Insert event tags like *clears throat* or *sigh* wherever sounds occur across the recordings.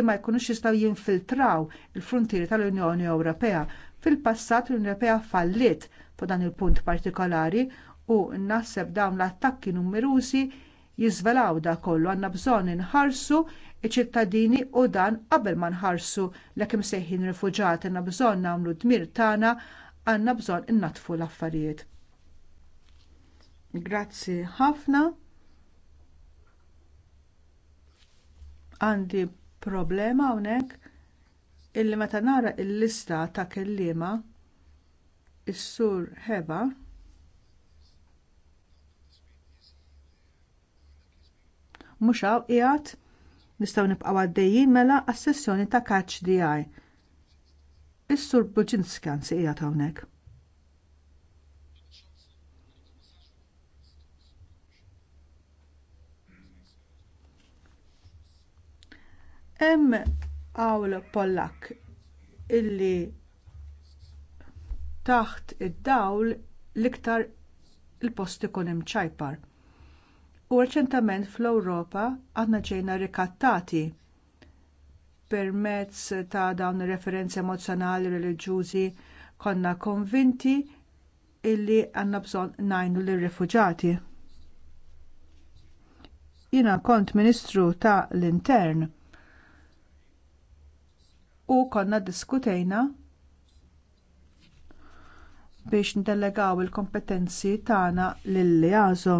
li ma jkunux jistgħu jinfiltraw il-frontieri tal-Unjoni Ewropea. Fil-passat l-Unjoni Ewropea fallit f'dan dan il-punt partikolari u naħseb dawn l-attakki numerużi jiżvelaw da kollu għandna bżonn inħarsu iċ-ċittadini u dan qabel ma nħarsu l-ekim sejħin rifuġati għandna bżonn nagħmlu dmir tagħna għandna bżonn innatfu l-affarijiet. Grazzi ħafna. Għandi problema hawnhekk illi meta nara l lista ta' kelliema is-sur Heba mhux hawn qiegħed nistgħu nibqgħu għaddejjin mela għas-sessjoni ta' catch DI. Is-sur Buġinska nsiqiegħed hawnhekk. Hemm għawl pollakk illi taħt id-dawl l-iktar il-post ikun hemm ċajpar. U reċentament fl-Ewropa għandna ġejna rikattati permezz ta' dawn ir referenzi emozjonali reliġjużi konna konvinti illi għandna bżonn ngħinu lir-rifuġati. Jiena kont Ministru tal intern u konna ddiskutejna biex ndelegaw il-kompetenzi tagħna lill-EASO.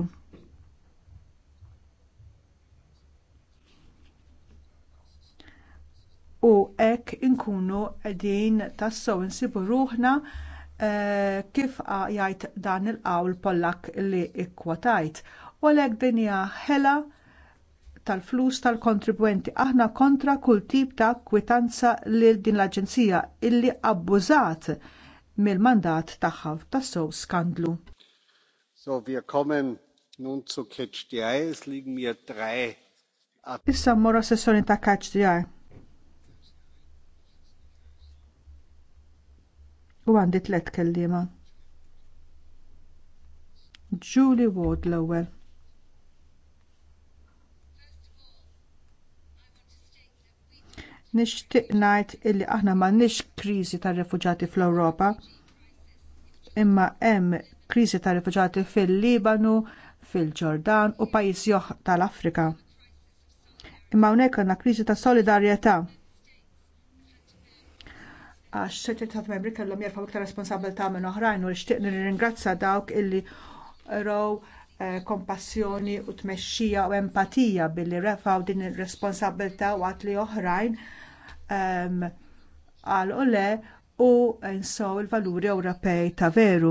U hekk inkunu qegħdin tassew insibu ruħna eh, kif jgħid dan il-qawl Pollak li kkwotajt. U għalhekk din hija ħela tal-flus tal-kontribwenti. Aħna kontra kull tip ta' kwitanza lil din l-Aġenzija illi abbużat mill-mandat tagħha tassew skandlu. So wir kommen nun zu Catch the Eye, es liegen mir drei Issa mora sessjoni ta' Catch the Eye. U għandi tliet kelliema. Julie Ward l-ewwel. Nixtieq ngħid illi aħna m'għandniex kriżi tar-refuġati fl-Ewropa, imma hemm kriżi tar-refuġati fil-Libanu, fil-Ġordan u pajjiżi oħra tal-Afrika. Imma hawnhekk għandna kriżi ta' solidarjetà. Għax xetti ta' membri kellhom jerfgħu iktar responsabilità minn oħrajn u nixtieq nirringrazzja dawk illi row eh, kompassjoni u tmexxija u empatija billi refaw din ir-responsabilità waqt li oħrajn għal ole u nsew il-valuri Ewropej ta' veru.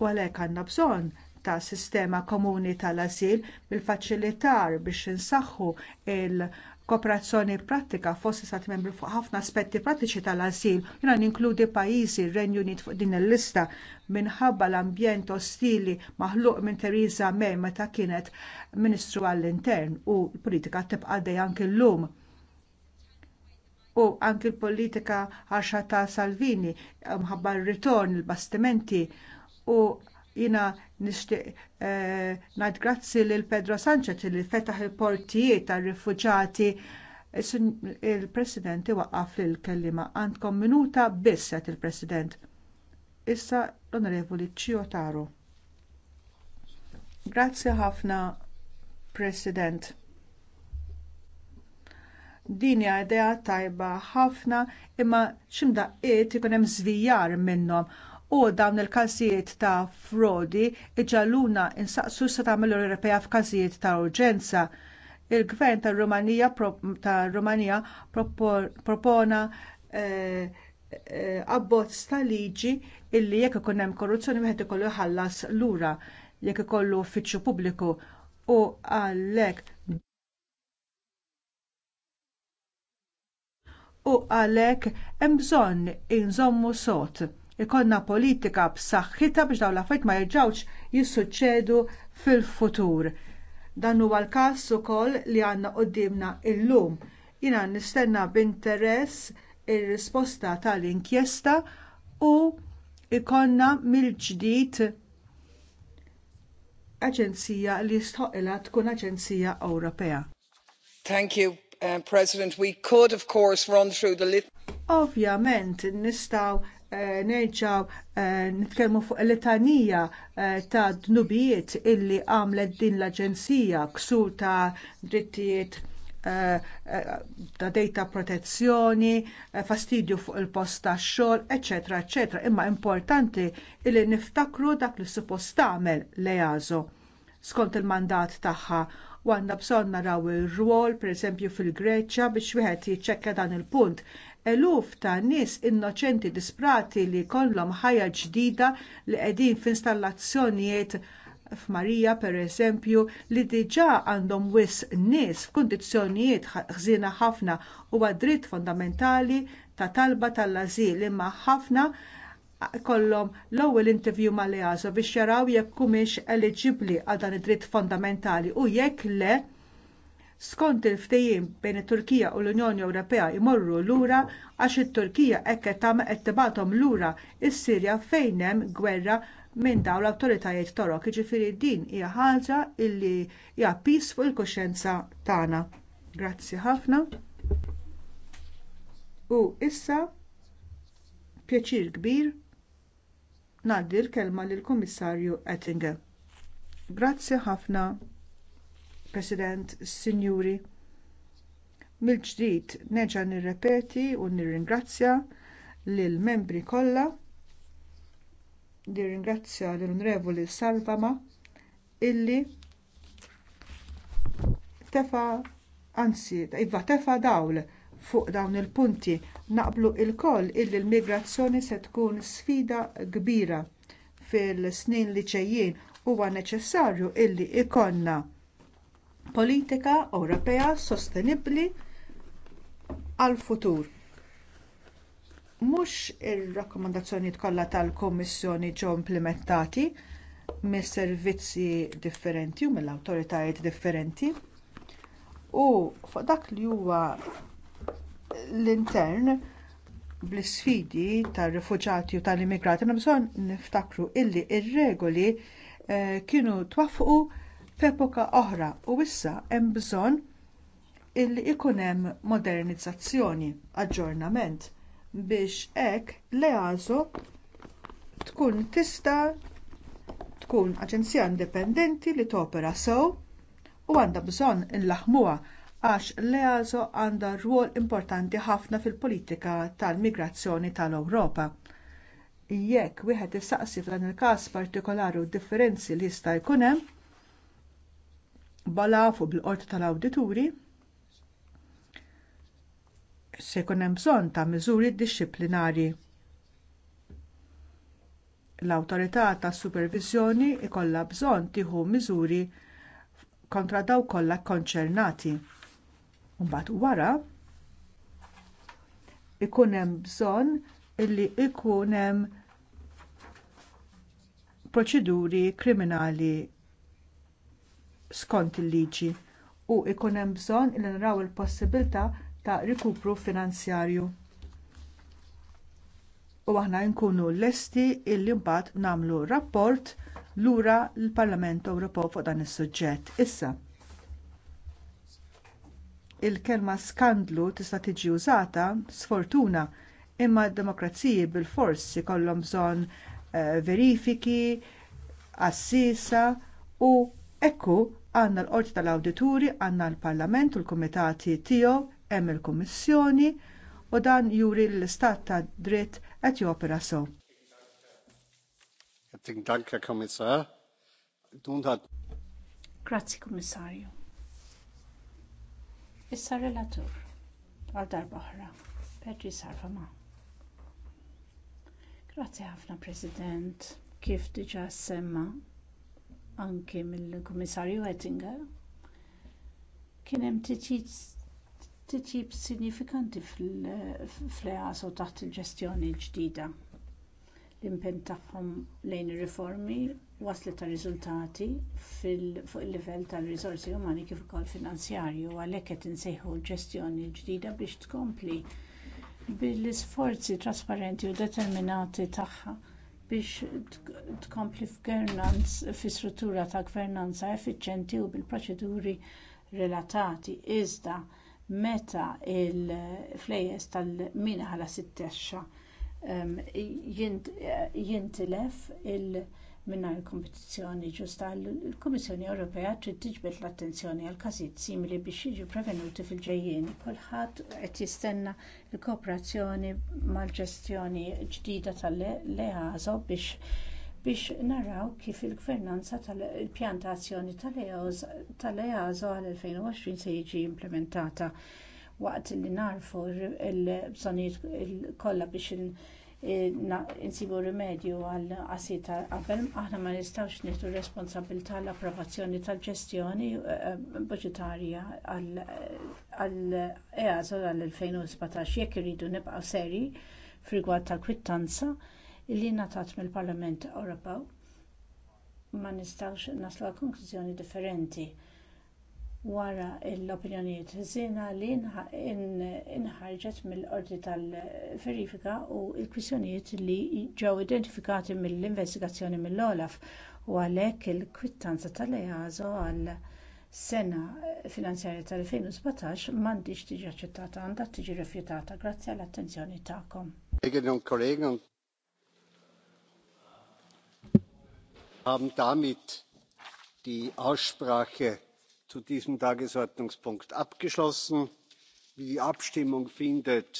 U għalhekk għandna bżonn ta' sistema komuni tal-asil bil-faċilitar biex insaħħu il- kooperazzjoni pratika fost stati membri fuq ħafna aspetti pratiċi tal-asil, jiena ninkludi pajjiżi r-Renju Unit fuq din il-lista minħabba l-ambjent ostili maħluq minn Theresa May meta kienet Ministru għall-Intern u l-politika tibqa' dejja anke llum u anki l-politika għaxa ta' Salvini mħabba r-ritorn il-bastimenti u jina nixtieq eh, grazzi lil Pedro Sanchez li fetaħ il-portijiet tar rifuġati il-President waqqaf lil kelliema għandkom minuta biss qed il-President. Issa l-Onorevoli Ciotaro. Grazzi ħafna, President. Din hija idea tajba ħafna imma x'imdaqqiet ikun hemm żvijar minnhom u dawn il-każijiet ta' frodi iġaluna insaqsu se tagħmel Ewropea f'każijiet ta' urġenza. Il-gvern tar rumanija ta' Rumanija propona eh, eh, abbozz ta' liġi illi jekk ikun hemm korruzzjoni wieħed ikollu jħallas lura jekk ikollu uffiċċju pubbliku u għalhekk u għalhekk hemm bżonn inżommu sod. Ikonna politika b'saħħitha biex dawn l-affarijiet ma jerġgħux jissuċċedu fil-futur. Dan huwa l-każ ukoll li għandna qudiemna llum. Jiena nistenna b'interess ir-risposta tal-inkjesta u ikonna mill-ġdid aġenzija li stħoqilha tkun aġenzija Ewropea. Thank you. Uh, President, we could of course run through the list. Ovvjament nistgħu uh, nerġaw uh, nitkellmu fuq litanija eh, ta' dnubijiet illi għamlet din l-Aġenzija ksur ta' drittijiet ta' data protezzjoni, fastidju fuq il-post tax xogħol, eċetera, eċetera. Imma importanti illi niftakru dak li suppost tagħmel l-EASO skont il-mandat tagħha u għandna bżonn naraw ir-rwol pereżempju fil-Greċja biex wieħed jiċċekkja dan il-punt. Eluf ta' nies innoċenti disprati li jkollhom ħajja ġdida li qegħdin f'installazzjonijiet f'Marija pereżempju li diġà għandhom wis nies f'kundizzjonijiet ħżiena ħafna huwa dritt fondamentali ta' talba tal-azil imma ħafna kollhom l-ewwel interview mal-EASO biex jaraw jekk humiex eliġibbli għal dan id-dritt fondamentali u jekk le skont il-ftehim bejn it-Turkija u l-Unjoni Ewropea jmorru lura għax it-Turkija hekk qed tagħmel qed tibagħthom lura s-Sirja fejn hemm gwerra minn dawn l-awtoritajiet torok. Jiġifieri din hija ħaġa li hija pis fuq il-kuxjenza tagħna. Grazzi ħafna. U issa pjaċir kbir Ngħaddi l-kelma lill kummissarju Oettinger. Grazzi ħafna, President, Sinjuri. Mill-ġdid neġa' nirrepeti u nirringrazzja lill membri kollha. Nirringrazzja l-Onorevoli Salvama illi tefa' anzi, iva tefa' dawl fuq dawn il-punti naqblu lkoll illi l-migrazzjoni se tkun sfida kbira fil-snin li ġejjin huwa neċessarju illi jkollna politika Ewropea sostenibbli għall-futur. Mhux ir-rakkomandazzjonijiet kollha tal-Kummissjoni ġew implementati mis-servizzi differenti u mill-awtoritajiet differenti. U fuq dak li huwa l-intern bl isfidi tar-rifuġati u tal-immigrati na bżonn niftakru illi r regoli eh, kienu twaffqu f'epoka oħra u issa hemm bżonn illi ikun hemm modernizzazzjoni, aġġornament biex hekk l-EASO tkun tista' tkun aġenzija indipendenti li topera sew u għandha bżonn inlaħmuha għax l-EASO għandha rwol importanti ħafna fil-politika tal-migrazzjoni tal-Ewropa. Jekk wieħed issaqsi f'dan il-każ partikolari u differenzi li jista' jkun hemm, balafu bil-qorti tal-awdituri, se jkun hemm bżonn ta' miżuri dixxiplinari. L-awtorità tas-supervizjoni jkollha bżonn tieħu miżuri kontra dawk kollha konċernati. Mbagħad wara ikun hemm bżonn illi ikun hemm proċeduri kriminali skont il-liġi u ikun hemm bżonn illi naraw il-possibilità ta' rikupru finanzjarju. U aħna nkunu lesti illi mbagħad nagħmlu rapport lura l-Parlament Ewropew fuq dan is-suġġett. Issa, il-kelma skandlu tista' tiġi użata sfortuna imma d-demokraziji bilfors ikollhom bżonn eh, verifiki, assisa u ekku għandna l-Qorti tal-Awdituri, għandna l-Parlament u l-Kumitati tiegħu hemm il-Kummissjoni u dan juri l-istat ta' dritt qed jopera sew. Grazzi Kummissarju. Issa relatur għal darba oħra, Petri ma Grazie ħafna President, kif diġa semma anki mill-Kummissarju Ettinger, kien hemm titjib signifikanti fl-EASO taħt il-ġestjoni l-ġdida l-impenn tagħhom lejn ir-riformi waslet ta' riżultati fuq il-livell tar-riżorsi umani kif ukoll finanzjarji u għalhekk qed insejħu l-ġestjoni l-ġdida biex tkompli bil-isforzi trasparenti u determinati tagħha biex tkompli f'governance fi struttura ta' gvernanza effiċjenti u bil-proċeduri relatati iżda meta l flejjes tal-mina ħala sittexxa jintilef il- minnar kompetizzjoni ġusta l-Kummissjoni Ewropea trid tiġbed l-attenzjoni għal każijiet simili biex jiġu prevenuti fil-ġejjin. Kulħadd qed jistenna l-kooperazzjoni mal-ġestjoni ġdida tal-EASO biex naraw kif il-gvernanza tal-pjantazzjoni tal-EASO għal 2020 se jiġi implementata waqt li narfu l-bżonnijiet kollha biex insibu rimedju għal qasiet ta' qabel aħna ma nistgħux nieħdu responsabilità l-approvazzjoni tal-ġestjoni eh, budġetarja għall easo għall-2017 jekk iridu nibqgħu seri f'rigward tal-kwittanza li ngħatat mill-Parlament Ewropew ma nistgħux naslu għal konklużjoni differenti wara l-opinjonijiet żiena li inħarġet mill-qorti tal-verifika u l-kwistjonijiet li ġew identifikati mill-investigazzjoni mill-olaf u għalhekk il-kwittanza tal-easo għal sena finanzjarja tal-2017 m'għandix tiġi aċċettata għandha tiġi rrifjutata grazzi għall-attenzjoni tagħkom. haben damit die Aussprache zu diesem tagesordnungspunkt abgeschlossen. die abstimmung findet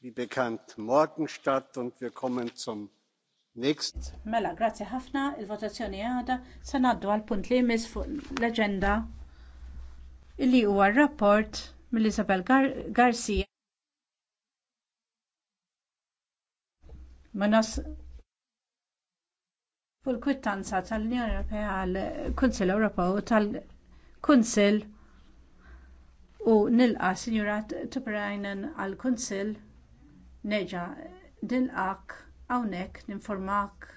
wie bekannt morgen statt und wir kommen zum nächsten. Mela, grazie ħafna, il-votazzjoni għada se għal punt li jmiss fuq l-aġenda li huwa r-rapport mill-Isabel Gar Garcia. Manos fuq il-kwittanza tal-Unjoni Ewropea għall kunsill Ewropew tal- kunsill u nilqa Sinjura Tuprajnen għall kunsill neġa nilqak hawnhekk ninformak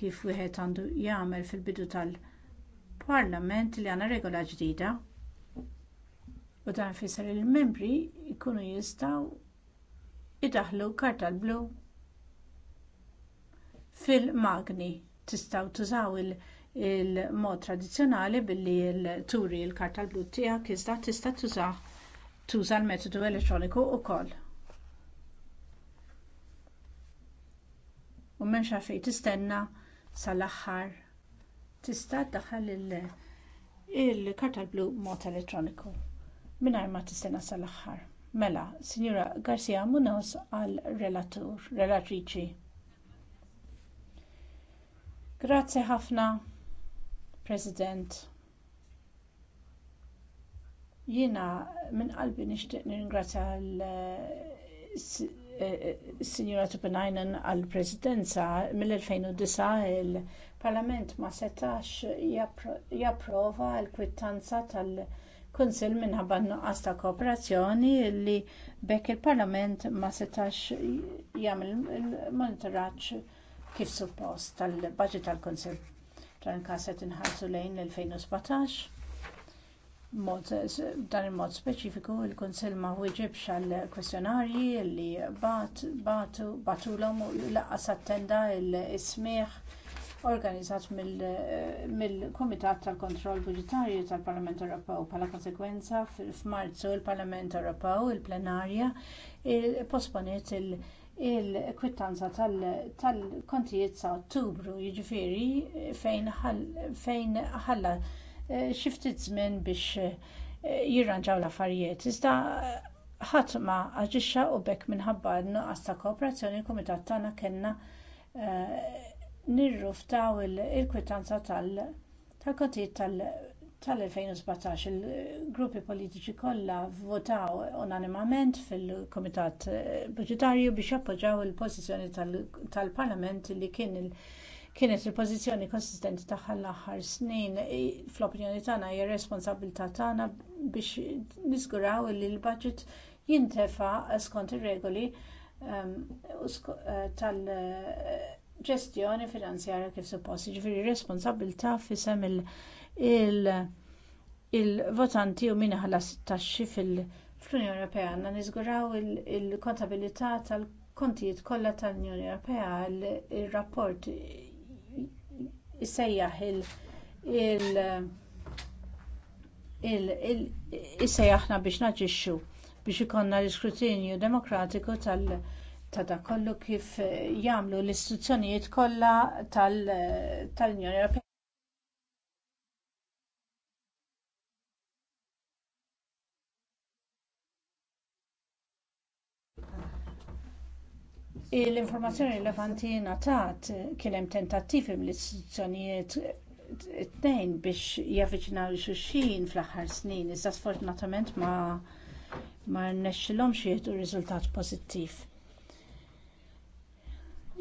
kif wieħed għandu jagħmel fil-bidu tal-Parlament li għandna regola ġdida u dan fisser il-membri jkunu jistgħu idaħħlu karta blu fil-magni tistgħu tużaw il- il-mod tradizzjonali billi turi l-karta l-blu tiegħek iżda tista' tuża l-metodu elettroniku wkoll. U m'hemmx għalfejn tistenna sal-aħħar tista' ddaħħal il-karta l-blu b'mod elettroniku mingħajr ma tistenna sal-aħħar. Mela, Sinjura Garcia Munoz għal relatur, relatriċi. Grazzi ħafna. President. Jiena minn qalbi nixtieq nirringrazzja l-Sinjura eh, eh, Tupinajnen għall-Presidenza mill-2009 il-Parlament ma setax japprova l-kwittanza tal-Kunsill minħabba nuqqas ta' kooperazzjoni li bekk il-Parlament ma setax jagħmel il-monitoraġġ kif suppost tal-baġit tal-Kunsill dan il-każ qed inħarsu lejn l-2017 B'dan dan il-mod speċifiku il-Kunsill ma wieġibx għal kwestjonarji li batulhom u laqqas attenda l-ismieħ organizzat mill-Kumitat tal-Kontroll Budġetarju tal-Parlament Ewropew. Bħala konsegwenza f'Marzu l-Parlament Ewropew il-plenarja il posponiet il-, -plenarja, il-kwittanza tal-kontijiet sa' ottubru jiġifieri fejn ħalla eh, xi ftit żmien biex eh, jirranġaw l-affarijiet. Iżda eh, ħadd ma aġixxa u b'hekk minħabba nuqqas ta' kooperazzjoni il-kumitat tagħna kellna nirruftaw il-kwittanza tal-kontijiet tal-2017 tal-2017 il-gruppi politiċi kollha vvotaw unanimament fil-Kumitat eh, Budgetarju biex jappoġġjaw il-pożizzjoni tal-Parlament li kienet il-pożizzjoni konsistenti tagħha l-aħħar snin fl-opinjoni tagħna hija responsabilità tagħna biex niżguraw li l-budget jintefa' skont ir-regoli ehm, eh, tal- eh, ġestjoni finanzjarja kif suppost, ġifieri responsabilità fisem il- il-votanti u min ħallas taxxi fil unjoni Ewropea għandna niżguraw il-kontabilità tal-kontijiet kollha tal-Unjoni Ewropea ir-rapport isejjaħ il- isejjaħna biex naġixxu biex ikonna l-iskrutinju demokratiku tal- ta' dak kollu kif jagħmlu l-istituzzjonijiet kollha tal-Unjoni Ewropea. l-informazzjoni rilevanti ngħatat kien hemm tentattivi mill-istituzzjonijiet it-tnejn biex jaffiċinaw xuxin fl-aħħar snin, iżda sfortunatament ma ma rnexxilhomx jieħdu riżultat pożittiv.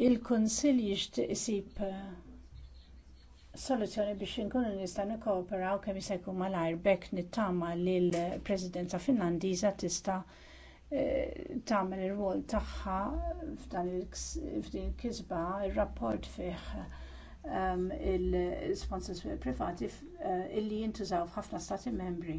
Il-Kunsill jixtieq isib eh, soluzzjoni biex inkunu nista' nikkooperaw kemm jista' jkun malajr bekk nittama li l-Presidenza Finlandiża tista' Eh, tagħmel ir-rwol tagħha f'dan il kisba ir-rapport fih ehm, il-sponsors privati eh, illi jintużaw f'ħafna stati membri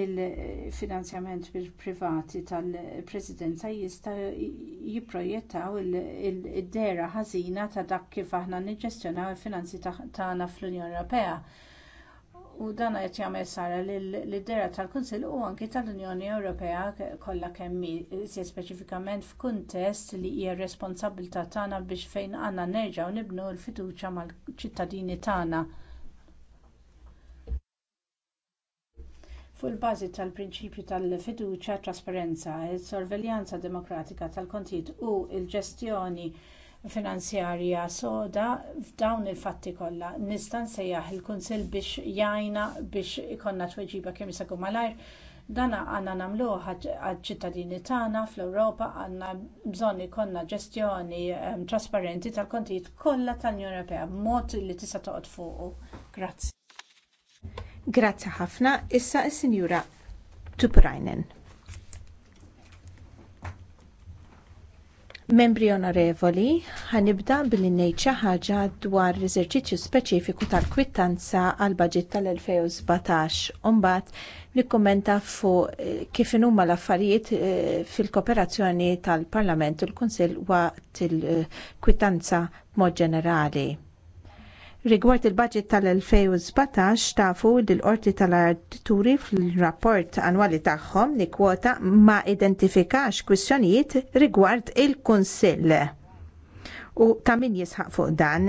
il-finanzjament privati tal-presidenza jista jipprojettaw id-dera ħażina ta' dak kif aħna niġġestjonaw il-finanzi tagħna fl-Unjoni Ewropea u dan qed jagħmel sara lid-dera tal-Kunsill u anki tal-Unjoni Ewropea kollha kemm si speċifikament f'kuntest li hija r-responsabbiltà tagħna biex fejn għandna nerġgħu nibnu l-fiduċja mal-ċittadini tagħna. Fuq il-bażi tal-prinċipju tal-fiduċja, trasparenza, is-sorveljanza demokratika tal-kontijiet u l-ġestjoni finanzjarja soda f'dawn il-fatti kollha nista' nsejjaħ il-kunsill biex jgħinna biex ikollna tweġiba kemm jista' jkun malajr dan għandna nagħmluh għaċ-ċittadini tagħna fl-Ewropa għandna bżonn ikollna ġestjoni ehm, trasparenti tal-kontijiet kollha tal-Unjoni Ewropea b'mod li tista' toqgħod fuqu. Grazzi. Grazzi ħafna. Issa s sinjura Tuprajnen. Membri onorevoli, ħanibda billi ngħid xi ħaġa dwar l-eżerċizzju speċifiku tal-kwittanza għal baġit tal-2017 mbagħad nikkumenta fuq eh, kif huma l-affarijiet eh, fil-kooperazzjoni tal-Parlament u l-Kunsill waqt il-kwittanza eh, b'mod ġenerali Rigward il-budget tal-2017 tafu dil-qorti tal-artituri fil-rapport annwali tagħhom li kwota ma identifikax kwistjonijiet rigward il-Kunsill u ta' min jisħaq fuq dan.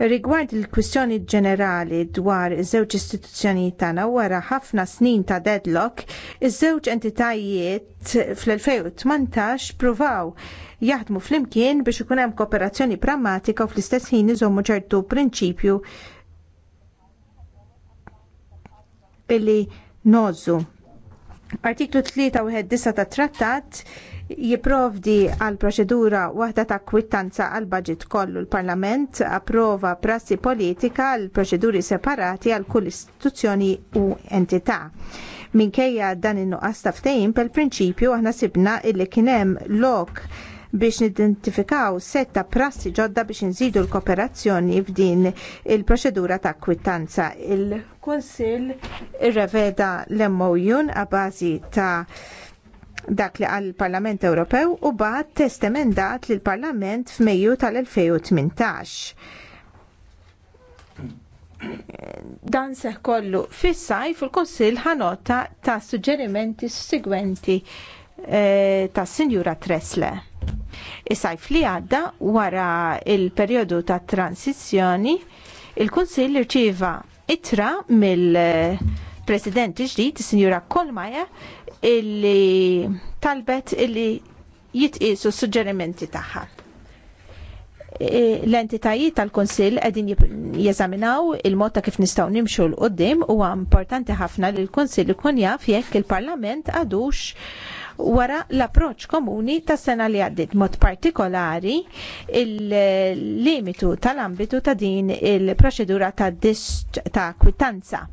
Rigward il-kwistjoni ġenerali dwar iż-żewġ istituzzjoni tagħna wara ħafna snin ta' deadlock, iż-żewġ entitajiet fl-2018 pruvaw jaħdmu flimkien biex ikun hemm kooperazzjoni prammatika u fl-istess ħin iżommu ċertu prinċipju illi nożu. Artiklu 3 ta' trattat jiprovdi għal proċedura waħda ta' kwittanza għal budget kollu l-Parlament approva prassi politika għal proċeduri separati għal kull istituzzjoni u entità. Minkejja dan in-nuqqas ta' ftehim prinċipju aħna sibna illi kien hemm lok biex nidentifikaw setta prassi ġodda biex nżidu l-kooperazzjoni f'din il-proċedura ta' kwittanza. Il-Kunsill irreveda l-MOU għabazi ta' dak li għal parlament Ewropew u bat test emendat lill parlament f'Mejju tal-2018. Dan seħ kollu fis-sajf konsil ħanota ta' suġġerimenti segwenti eh, ta' Sinjura Tresle. Is-sajf li għadda wara il-perjodu ta' transizjoni, il-Kunsill irċieva itra mill- President ġdid, Sinjura Kolmaja, illi talbet illi jitqisu s-suġġerimenti tagħha. E, l-entitajiet tal-Konsil qegħdin jeżaminaw il-mod ta' kif nistgħu nimxu l qoddim huwa importanti ħafna li l-Konsil ikun jaf jekk il-Parlament għadux wara l-approċ komuni tas sena li għaddit mod partikolari il-limitu tal-ambitu ta' din il-proċedura ta' ta' kwitanza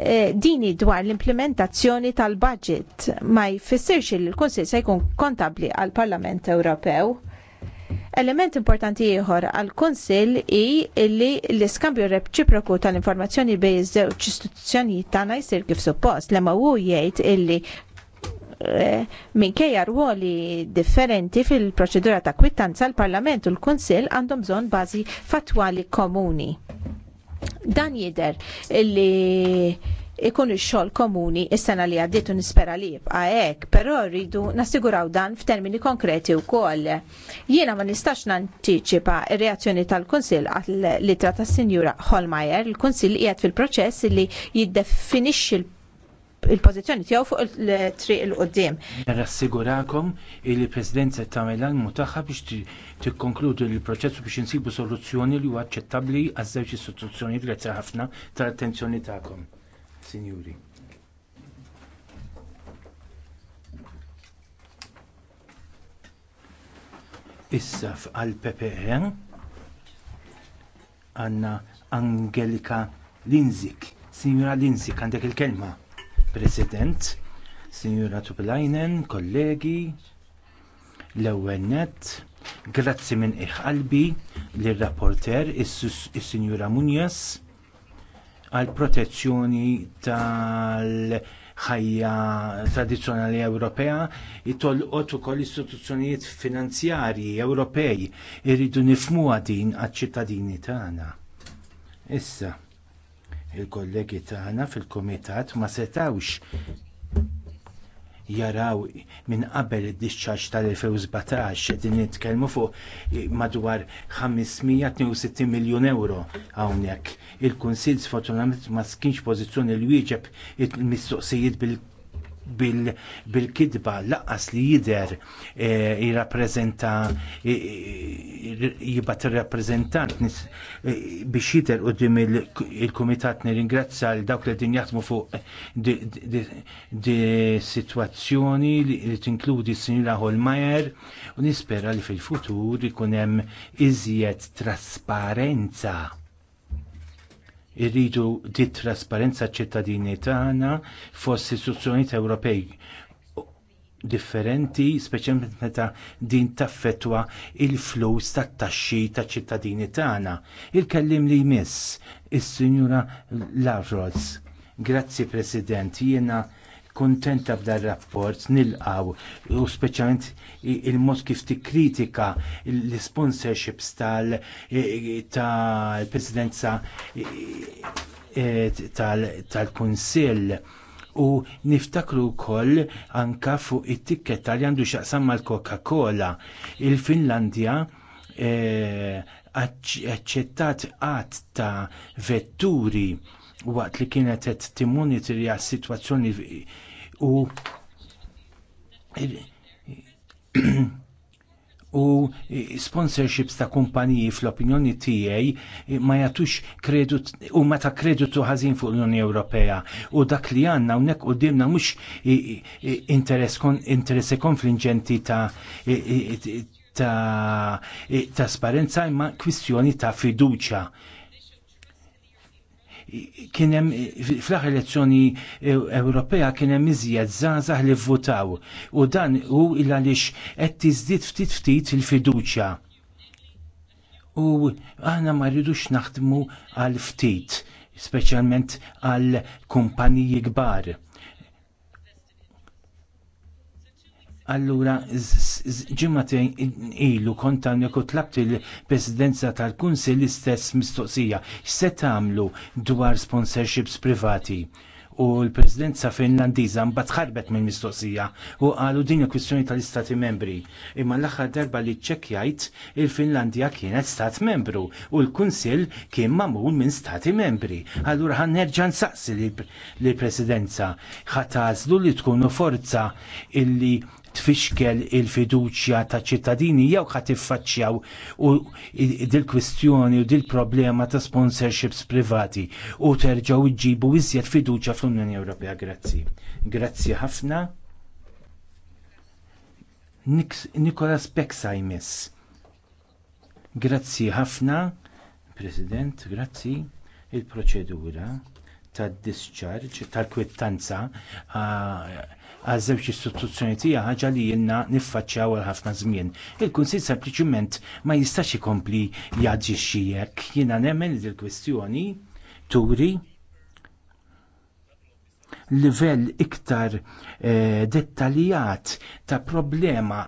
Eh, dini dwar l-implementazzjoni tal-budget ma jfissirx li l-Kunsill se jkun kontabli għall Parlament Ewropew. Element importanti ieħor għal kunsill hi li l-iskambju reċiproku tal-informazzjoni bejn iż-żewġ istituzzjonijiet tagħna jsir kif suppost lemma hu jgħid illi eh, minkejja ruoli differenti fil-proċedura ta' kwittanza l-Parlament u l-Kunsill għandhom bżonn bażi fatwali komuni. Dan jidher li ikun ix-xogħol komuni is-sena li għaddietu u nispera li jibqa' hekk, però rridu nassiguraw dan f'termini konkreti wkoll. Jiena ma nistax nantiċipa r reazzjoni tal-Kunsill għal litra tas-Sinjura Holmajer, il-Kunsill qiegħed fil-proċess li jiddefinixxi l il-pożizzjoni tiegħu fuq il-triq il qudiem Rassigurakom li l-Presidenza tagħmel l tagħha biex tikkonkludu l-proċess biex insibu soluzzjoni li huwa aċċettabbli għaż-żewġ istituzzjoni. Grazzi ħafna tal-attenzjoni tagħkom. Sinjuri. Issa fqal PPE għanna Angelika Linzik. Signora Linzik, għandek il-kelma. President, Sinjura Tuplajnen, kollegi, l-ewwel nett, grazzi minn qalbi lir-rapporter is-Sinjura Munjas għall protezzjoni tal- ħajja tradizzjonali Ewropea jitolqot ukoll istituzzjonijiet finanzjarji Ewropej irridu nifhmuha din għaċ-ċittadini tagħna. Issa, il-kollegi tagħna fil-kumitat ma setawx jaraw minn qabel id-discharge tal-2017 din nitkellmu fuq madwar 562 miljun euro hawnhekk. Il-Kunsill sfortunatament ma skinx pożizzjoni li wieġeb il-mistoqsijiet bil bil-kidba laqqas li jider eh, jirrapprezenta eh, eh, jibat rappresentant biex jider u dim il-komitat nir-ingrazza l-dawk li din jaħdmu fuq di situazzjoni li tinkludi s-sinjura Holmajer u nispera li fil-futur hemm iżjed trasparenza irridu di trasparenza ċittadini tagħna fost istituzzjonijiet Ewropej differenti, speċjalment meta din taffetwa il-flus tat-taxxi taċ ċittadini tagħna. Il-kellim li jmiss is-Sinjura Lavros. Grazzi President, jiena kuntenta bdar rapport nilqaw u speċjalment il-mod kif tikkritika l-sponsorships eh, tal-presidenza eh, tal-kunsill u niftakru wkoll anke fuq it-tikketta li għandu x'jaqsam mal-Coca-Cola. Il-Finlandja eh, aċċettat qatt ta' vetturi waqt li kienet qed timonitorja s-sitwazzjoni u u sponsorships ta' kumpaniji fl-opinjoni tiegħi ma jagħtux kredut u ma ta' kreditu ħażin fuq l-Unjoni Ewropea u dak li għandna hawnhekk u mhux mux interesse konflingenti ta' ta' trasparenza imma kwistjoni ta' fiduċja kien hemm fl-aħħar elezzjoni e, Ewropea kien hemm iżjed żgħażagħ li vvutaw u dan hu il għaliex qed tiżdied ftit ftit il-fiduċja. U aħna ma rridux naħdmu għal ftit, speċjalment għal kumpaniji kbar Allura, ġimmatejn ilu kontan jeku tlabt il-presidenza tal-Kunsil l-istess mistoqsija. X'se tagħmlu dwar sponsorships privati? U l-presidenza finlandiża mbagħad ħarbet mill-mistoqsija u qalu din il-kwistjoni tal-istati membri. Imma l-aħħar darba li ċċekkjajt il-Finlandja kienet stat membru u l-Kunsil kien mamul minn stati membri. Allura ħan nerġa' nsaqsi lill presidenza ħatażlu li tkunu forza illi tfixkel il-fiduċja ta' ċittadini jew ħadd tiffaċċjaw u dil-kwistjoni u dil-problema ta' sponsorships privati u terġgħu iġġibu iżjed fiduċja fl-Unjoni Ewropea. Grazzi. Grazzi ħafna. Nikolas Beksajmis. Grazzi ħafna. President, grazzi. Il-proċedura tad-discharge tal-kwittanza għal żewġ istituzzjoni tiegħi ħaġa li jilna niffaċċjaw għal ħafna żmien. Il-Kunsill sempliċiment ma jistax ikompli jaġixxi hekk. Jiena nemmen li l kwestjoni turi livell iktar eh, dettaljat ta' problema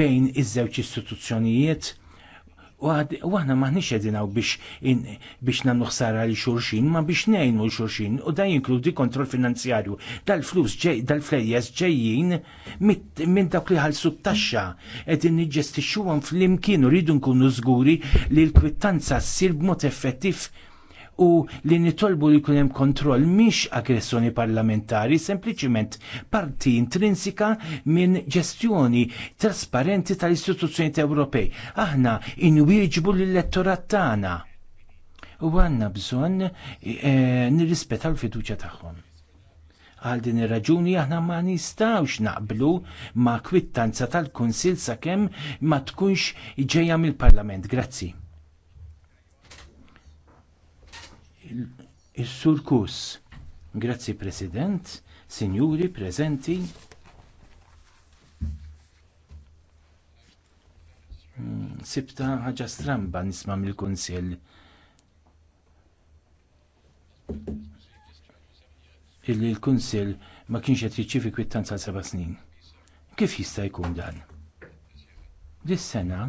bejn iż-żewġ istituzzjonijiet U aħna maħniex qegħdin biex biex nagħmlu ħsara li xulxin, ma biex ngħinu l xulxin u da jinkludi kontrol finanzjarju. Dal-flus dal-flejjes ġejjin minn dawk li ħalsu t-taxxa qegħdin niġġestixxuhom fl-imkien u rridu nkunu żguri li l-kwittanza ssir b'mod effettiv u li nitolbu li kunem kontroll miex aggressjoni parlamentari, sempliciment parti intrinsika minn ġestjoni trasparenti tal-istituzzjoni Ewropej. Aħna inwieġbu l-elettorat tagħna. U għanna bżon eh, nirrispeta l-fiduċa tagħhom għal din ir-raġuni aħna ma nistawx naqblu ma' kwittanza tal-Kunsill sakemm ma tkunx ġejja mill-Parlament. Grazzi. Is-Sur Kus. Grazzi President, Sinjuri presenti. Mm, sibta ħaġa stramba nisma' mill-Kunsill. Illi l-Kunsill ma kienx qed jiċċievi kwittanza għal seba' snin. Kif jista' jkun dan? Dis-sena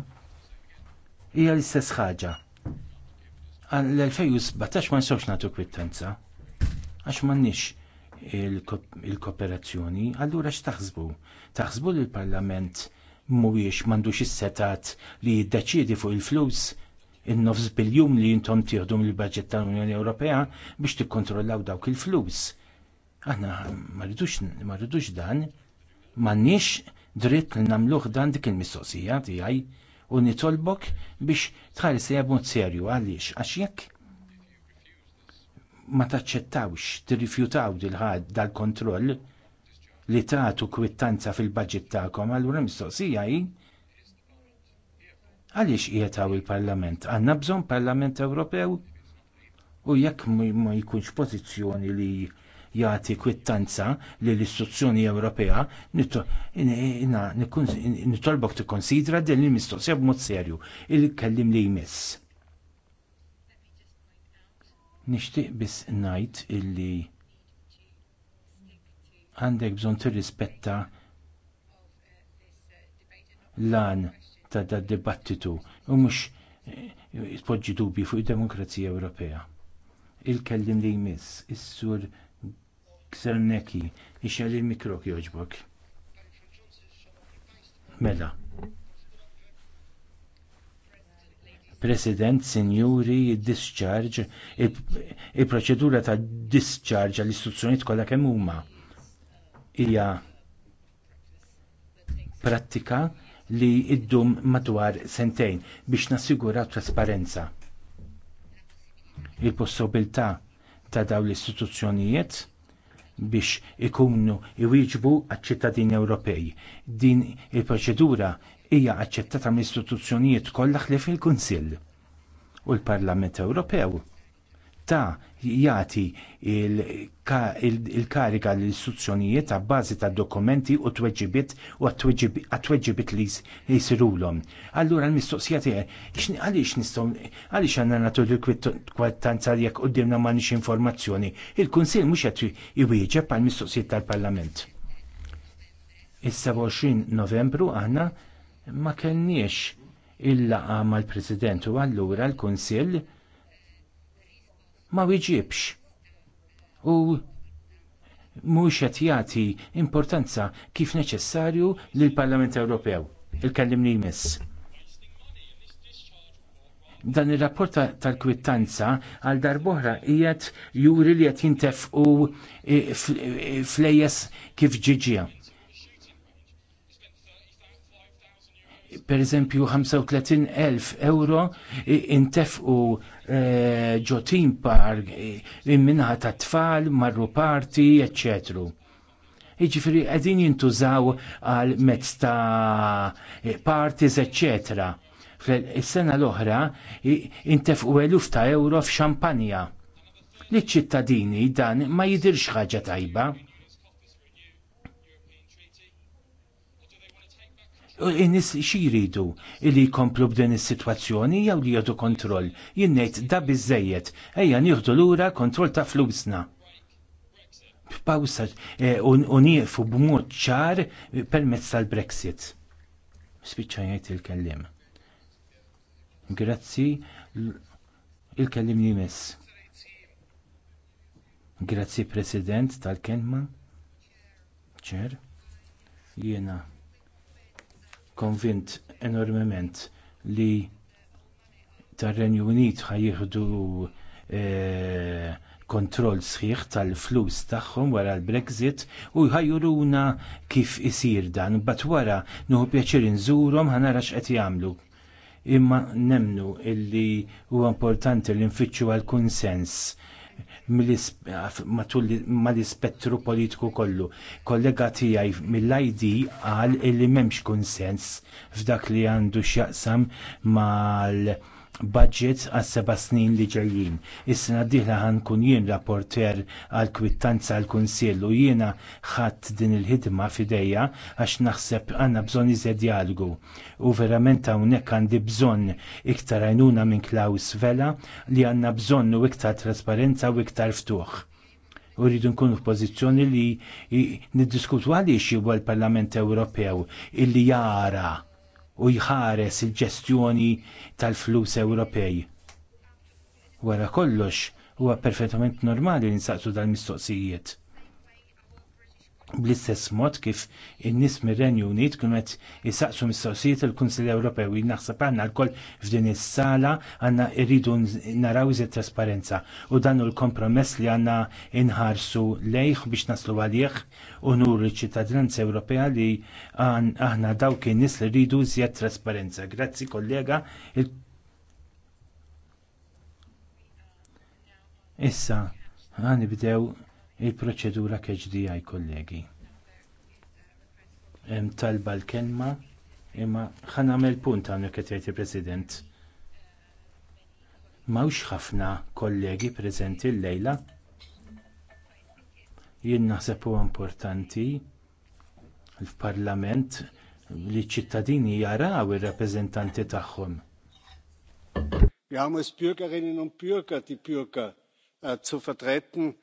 hija l-istess ħaġa l-2017 ma nsawx nagħtu kwittanza għax m'għandniex il-kooperazzjoni, allura x'taħsbu? Taħsbu li l-Parlament mhuwiex m'għandux is-setat li jiddeċiedi fuq il-flus in-nofs biljum li jintom tieħdu mill-budget tal-Unjoni Ewropea biex tikkontrollaw dawk il-flus. Aħna ma rridux dan, m'għandniex dritt li nagħmluh dan dik il-mistoqsija tiegħi u nitolbok biex tħares li b'mod serju għaliex għax jekk ma taċċettawx tirrifjutaw dil-ħad dal-kontroll li tagħtu kwittanza fil-budget tagħkom allura mistoqsija hi għaliex qiegħed il-Parlament? Għandna bżonn Parlament Ewropew? U jekk ma jkunx pożizzjoni li jagħti kwittanza lill istituzzjoni Ewropea, nitolbok tikkonsidra din il-mistoqsija b'mod serju il-kellim li jmiss. Nixtieq biss ngħid illi għandek bżonn tirrispetta lan ta' da' dibattitu u mhux eh, tpoġġi dubji fuq id-demokrazija Ewropea. Il-kellim li jmiss, is-sur Kselneki, ixel il-mikrok jogħġbok. Mela. President, sinjuri, discharge, il-proċedura ta' discharge għall-istituzzjonijiet kollha kemm huma hija prattika li ddum madwar sentejn biex nassigura t trasparenza. Il-possibilità ta' dawn l-istituzzjonijiet biex ikunu iwieġbu għal ċittadini Ewropej. Din il-proċedura hija aċċettata mill-istituzzjonijiet kollha ħlief il-Kunsill u l-Parlament Ewropew ta' jagħti il-kariga l istruzzjonijiet ta' bażi ta' dokumenti u tweġibiet u għat-tweġibiet li jisirulhom. Allura l-mistoqsija tiegħek għaliex nistgħu għaliex għandna nagħtu l-kwittanza li jekk qudiemna m'għandniex informazzjoni. Il-Kunsill mhux qed iwieġeb għal mistoqsijiet tal-Parlament. Is-27 Novembru aħna ma kenniex il-laqa mal-President u allura l-Kunsill ma wieġibx. U mhux qed jagħti importanza kif neċessarju lill parlament Ewropew. Il-kellimni jmiss. Dan ir-rapport tal-kwittanza għal darbohra qiegħed juri li qed jintefqu flejjes kif ġiġija. per eżempju 35.000 euro intefqu ġo eh, e, park minnaħa ta' tfal, marru parti, ecc. Iġifri, għedin jintużaw għal mezz ta' parties, ecc. Is-sena l-oħra intefqu eluf ta' euro f'xampanja. Li ċittadini dan ma jidirx ħaġa tajba in-nies xiridu li jkomplu b'din is-sitwazzjoni jew li jgħodu kontroll. Jien ngħid da biżejjed, ejja nieħdu lura kontroll ta' flusna. B'pawsa eh, u nieqfu b'mod ċar permezz tal-Brexit. Spiċċajt il-kellim. Grazzi il-kellim li jmiss. Grazzi President tal kenma ċer. Jiena konvint enormement li tar-Renju Unit ħajjieħdu jieħdu eh, kontroll sħiħ tal-flus tagħhom wara l-Brexit u jħajjuruna kif isir dan, bat wara nuħu pjaċir nżurhom ħanara x'qed jagħmlu. Imma nemnu illi huwa importanti li nfittxu għall kunsens mal-ispettru politiku kollu. Kollega tiegħi mill-ID qal li m'hemmx konsens f'dak li għandu x'jaqsam mal- budgets għas seba' snin li ġejjin. Is-sena d-dieħla ħankun jien rapporter għal kwittanza għal kunsill u jiena ħadd din il-ħidma f'idejja għax naħseb għandna bżonn iżjed dialogu. U verament hawnhekk għandi bżonn iktar għajnuna minn Klaus Vela li għandna bżonn u iktar trasparenza u iktar ftuħ u rridu nkunu f'pożizzjoni li niddiskutu għaliex jibwa l-Parlament Ewropew illi jara u jħares il-ġestjoni tal-flus Ewropej. Wara kollox, huwa perfettament normali li nsaqsu dal-mistoqsijiet bl-istess mod kif in-nies mir-Renju Unit kienu qed isaqsu mistoqsijiet il-Kunsill Ewropew naħseb għandna lkoll f'din is-sala għandna rridu naraw iżjed trasparenza u dan hu l-kompromess li għandna inħarsu lejh biex naslu għalih u nuru ċ-ċittadinanza Ewropea li aħna dawk in-nies li rridu iżjed trasparenza. Grazzi kollega. Issa, għani nibdew il-proċedura KHDI kollegi. Hemm talba l-kelma imma ħa nagħmel punt hawnhekk qed jgħid il-President. M'hawnx ħafna kollegi preżenti llejla. Jien naħseb huwa importanti l-Parlament li ċ-ċittadini jaraw ir-rappreżentanti tagħhom. Wir haben als Bürgerinnen und Bürger die Bürger äh, zu vertreten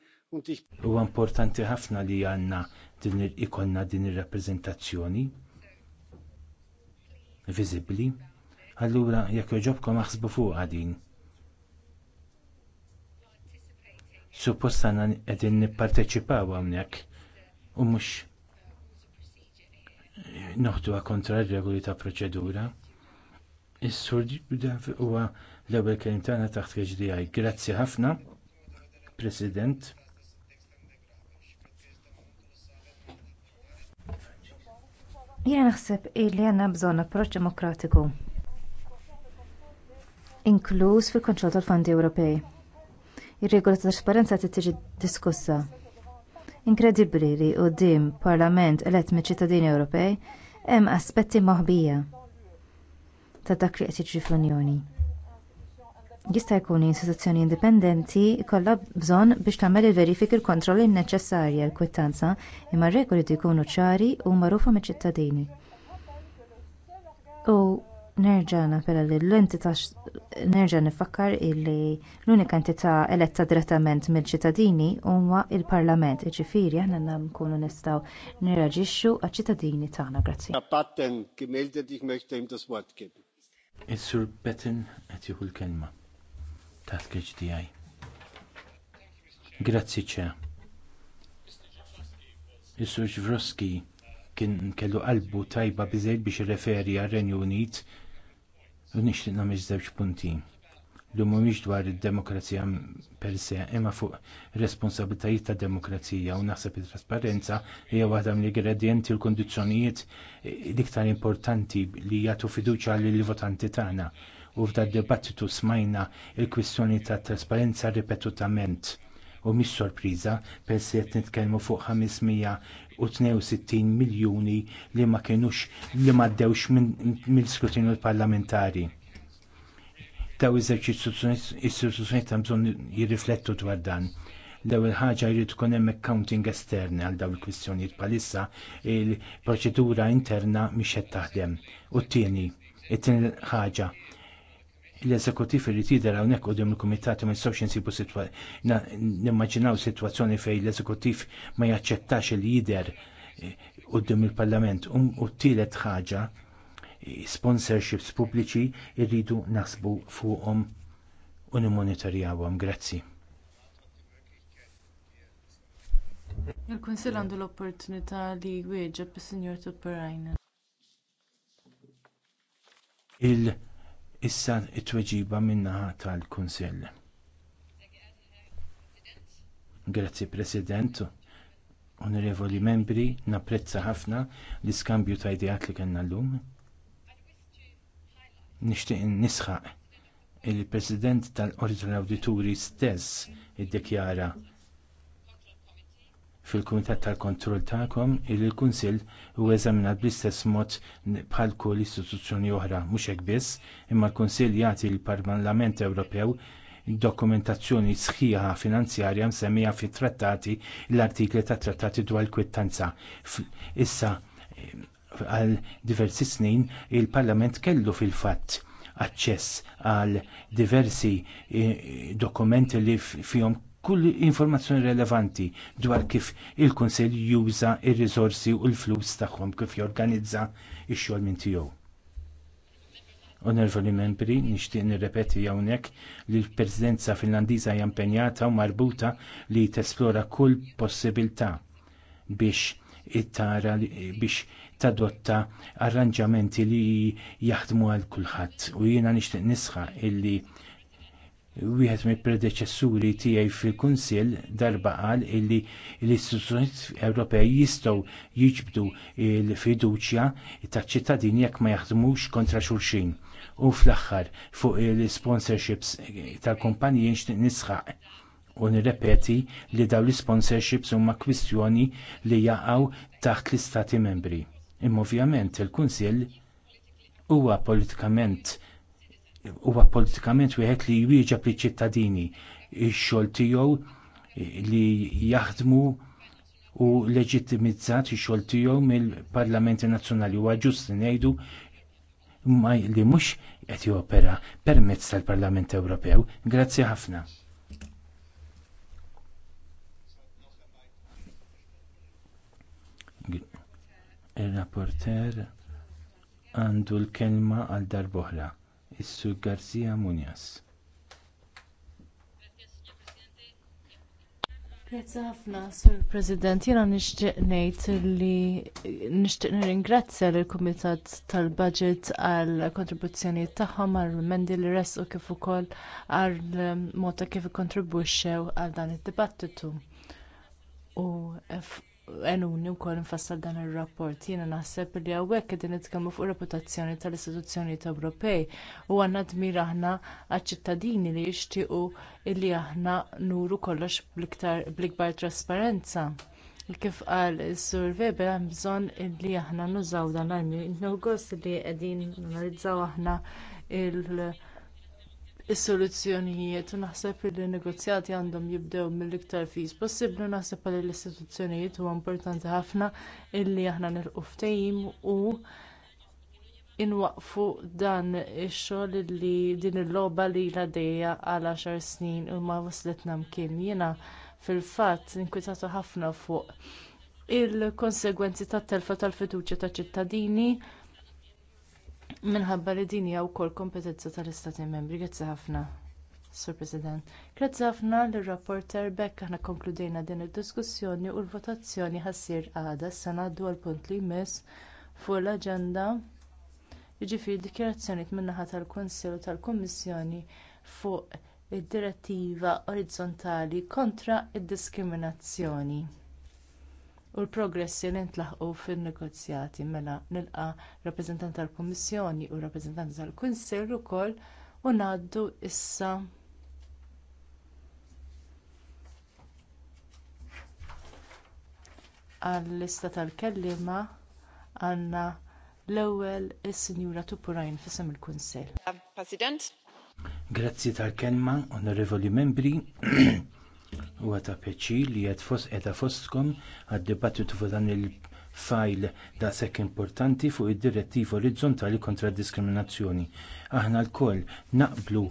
Huwa importanti ħafna li għandna din ikonna din ir-rappreżentazzjoni viżibbli. Allura jekk joġobkom aħsbu fuq din. Suppost għandna qegħdin nipparteċipaw hawnhekk u mhux noħdu kontra r-regoli ta' proċedura. Is-sur huwa l-ewwel kelim tagħna taħt KGDI. Grazzi ħafna, President. Jiena naħseb li għandna bżonn approċċ demokratiku inkluż fil-kontroll tal-fondi Ewropej. Ir-regola ta' trasparenza trid tiġi diskussa. Inkredibbli li quddiem Parlament elett mill-ċittadini Ewropej hemm aspetti moħbija ta' dak li qed jiġri fl-Unjoni jista' jkun istituzzjoni indipendenti kollha bżonn biex tagħmel il-verifiki l kontrolli neċessarja l kwitanza imma r-regoli jkunu ċari u magħrufa miċ-ċittadini. U nerġa' nappella li l-entità nerġa' nifakkar illi l-unika entità eletta direttament mill-ċittadini huwa l parlament iġifieri aħna nkunu nistgħu nirraġixxu għaċ-ċittadini tagħna grazzi. Is-Sur Betten qed jieħu l-kelma taħt l-HDI. Grazzi ċe. Is-Sur Ġvroski kien kellu qalbu tajba biżejt biex irreferi għar-Renju Unit u nixtieq nagħmel żewġ punti li mhumiex dwar id-demokrazija per se imma fuq responsabbiltajiet tad demokrazija u naħseb it-trasparenza hija waħda mill-ingredjenti l-kundizzjonijiet l-iktar importanti li jagħtu fiduċja lill votanti tagħna u f'dad dibattitu smajna il-kwistjoni ta' trasparenza ripetutament u mhix sorpriża peress qed nitkellmu fuq 562 miljuni li ma kinux li ma ddewx mill-skrutinju parlamentari. Daw iż-eżerċizzju istituzzjoni ta' bżonn jirriflettu dwar dan l-ewwel ħaġa jrid tkun hemm accounting esterna għal dawn il-kwistjonijiet bħalissa il-proċedura interna mhix qed taħdem. U t-tieni, it-tieni ħaġa l-eżekutif irrid jidher hawnhekk qudiem il-kumitati ma jistgħux insibu nimmaġinaw sitwazzjoni fejn l-eżekutif ma jaċċettax li jidher eh, qudiem il-Parlament u t-tielet ħaġa eh, sponsorships pubbliċi rridu naħsbu fuqhom u nimmonitorjawhom. Grazzi. Il-Kunsill għandu l-opportunità li jwieġeb is sinjur Tupperajna. il Issa t tweġiba min-naħa tal-Kunsill. Grazzi President, onorevoli membri, napprezza ħafna l-iskambju ta' ideat li kellna llum. Nixtieq nisħaq il-President tal-Qorti tal-Awdituri stess iddikjara fil-Kumitat tal-Kontroll tagħkom li l-Kunsill u eżaminat bl-istess mod bħal kull istituzzjoni oħra mhux hekk biss, imma l-Kunsill jagħti l-Parlament Ewropew dokumentazzjoni sħiħa finanzjarja msemmija fit-trattati l-artikli tat trattati dwar il-kwittanza. Issa għal diversi snin il-Parlament kellu fil-fatt aċċess għal diversi eh, dokumenti li fihom kull informazzjoni relevanti dwar kif il-Kunsill juża r riżorsi u l-flus tagħhom kif jorganizza x-xogħol minn tiegħu. Onorevoli membri, nixtieq nirrepeti hawnhekk li l-Presidenza Finlandiża hija impenjata u marbuta li tesplora kull possibilità biex it-tara biex tadotta arranġamenti li jaħdmu għal kulħadd u jiena nixtieq nisħa illi wieħed mill-predeċessuri tiegħi fil-Kunsill darba qal illi l-istituzzjonijiet Ewropej jistgħu jiġbdu l-fiduċja taċ-ċittadini jekk ma jaħdmux kontra xulxin. U fl-aħħar fuq il sponsorships tal-kumpaniji nixtieq nisħaq u nirrepeti li dawn l-sponsorships huma kwistjoni li jaqgħu taħt l-istati membri. Imma ovvjament il-Kunsill huwa politikament huwa politikament wieħed li jwieġeb liċ ċittadini x xogħol tiegħu li jaħdmu u leġittimizzat ix-xogħol tiegħu mill-Parlamenti Nazzjonali huwa ġust li ngħidu li mhux qed jopera permezz tal-Parlament Ewropew. Grazzi ħafna. Il-rapporter għandu l-kelma għal darbohra is-Sur Garcia Munoz. Grazzi ħafna, Sur President. Jiena nixtieq ngħid li nixtieq nirringrazzja lill kumitat tal-Budget għal kontribuzzjonijiet tagħhom għal mendi li u kif ukoll għal um, mod ta' kif ikkontribwixxew għal dan id-dibattitu. U għenuni wkoll nfassal dan ir-rapport. Jiena naħseb li hawnhekk qegħdin nitkellmu fuq reputazzjoni tal-istituzzjonijiet Ewropej u għandna dmir aħna għaċ-ċittadini li jixtiequ li aħna nuru kollox bl-ikbar trasparenza. Kif qal is-Sur Weber hemm bżonn li aħna nużaw dan l-armi. Nħu li qegħdin nanalizzaw aħna il- is-soluzzjonijiet u naħseb li n-negozjati għandhom jibdew mill-iktar fis possibbli u naħseb li l-istituzzjonijiet huwa importanti ħafna illi aħna nilqu ftehim u inwaqfu dan ix-xogħol li din il-logħba lilha dejja għal għaxar snin u ma waslitna mkien jiena fil-fatt inkwetata ħafna fuq il-konsegwenzi tat-telfa tal-fiduċja taċ-ċittadini minħabba li din hija wkoll kompetenza tal-istati membri grazzi ħafna sur president grazzi ħafna lir-rapporter Bekk aħna konkludejna din id-diskussjoni u l-votazzjoni ħassir għada s-sena dwar punt li jmiss fuq l-aġenda jiġifieri dikjarazzjonijiet min-naħa tal-kunsill u tal-kummissjoni fuq id-direttiva orizzontali kontra d diskriminazzjoni u l-progressi li ntlaħqu fin-negozjati mela nilqa rappreżentant tal-kummissjoni u rappreżentanti tal-kunsill ukoll u ngħaddu issa għall-lista tal-kelliema għandna l-ewwel is-sinjura Tupurajn f'isem il-Kunsill. President. Grazzi tal-kelma, onorevoli membri. *clears throat* Huwa ta' peċi li qed fost qiegħda fostkom għad-dibattitu fuq dan il- file daqshekk importanti fuq id-direttiva orizzontali kontra d diskriminazzjoni. Aħna lkoll naqblu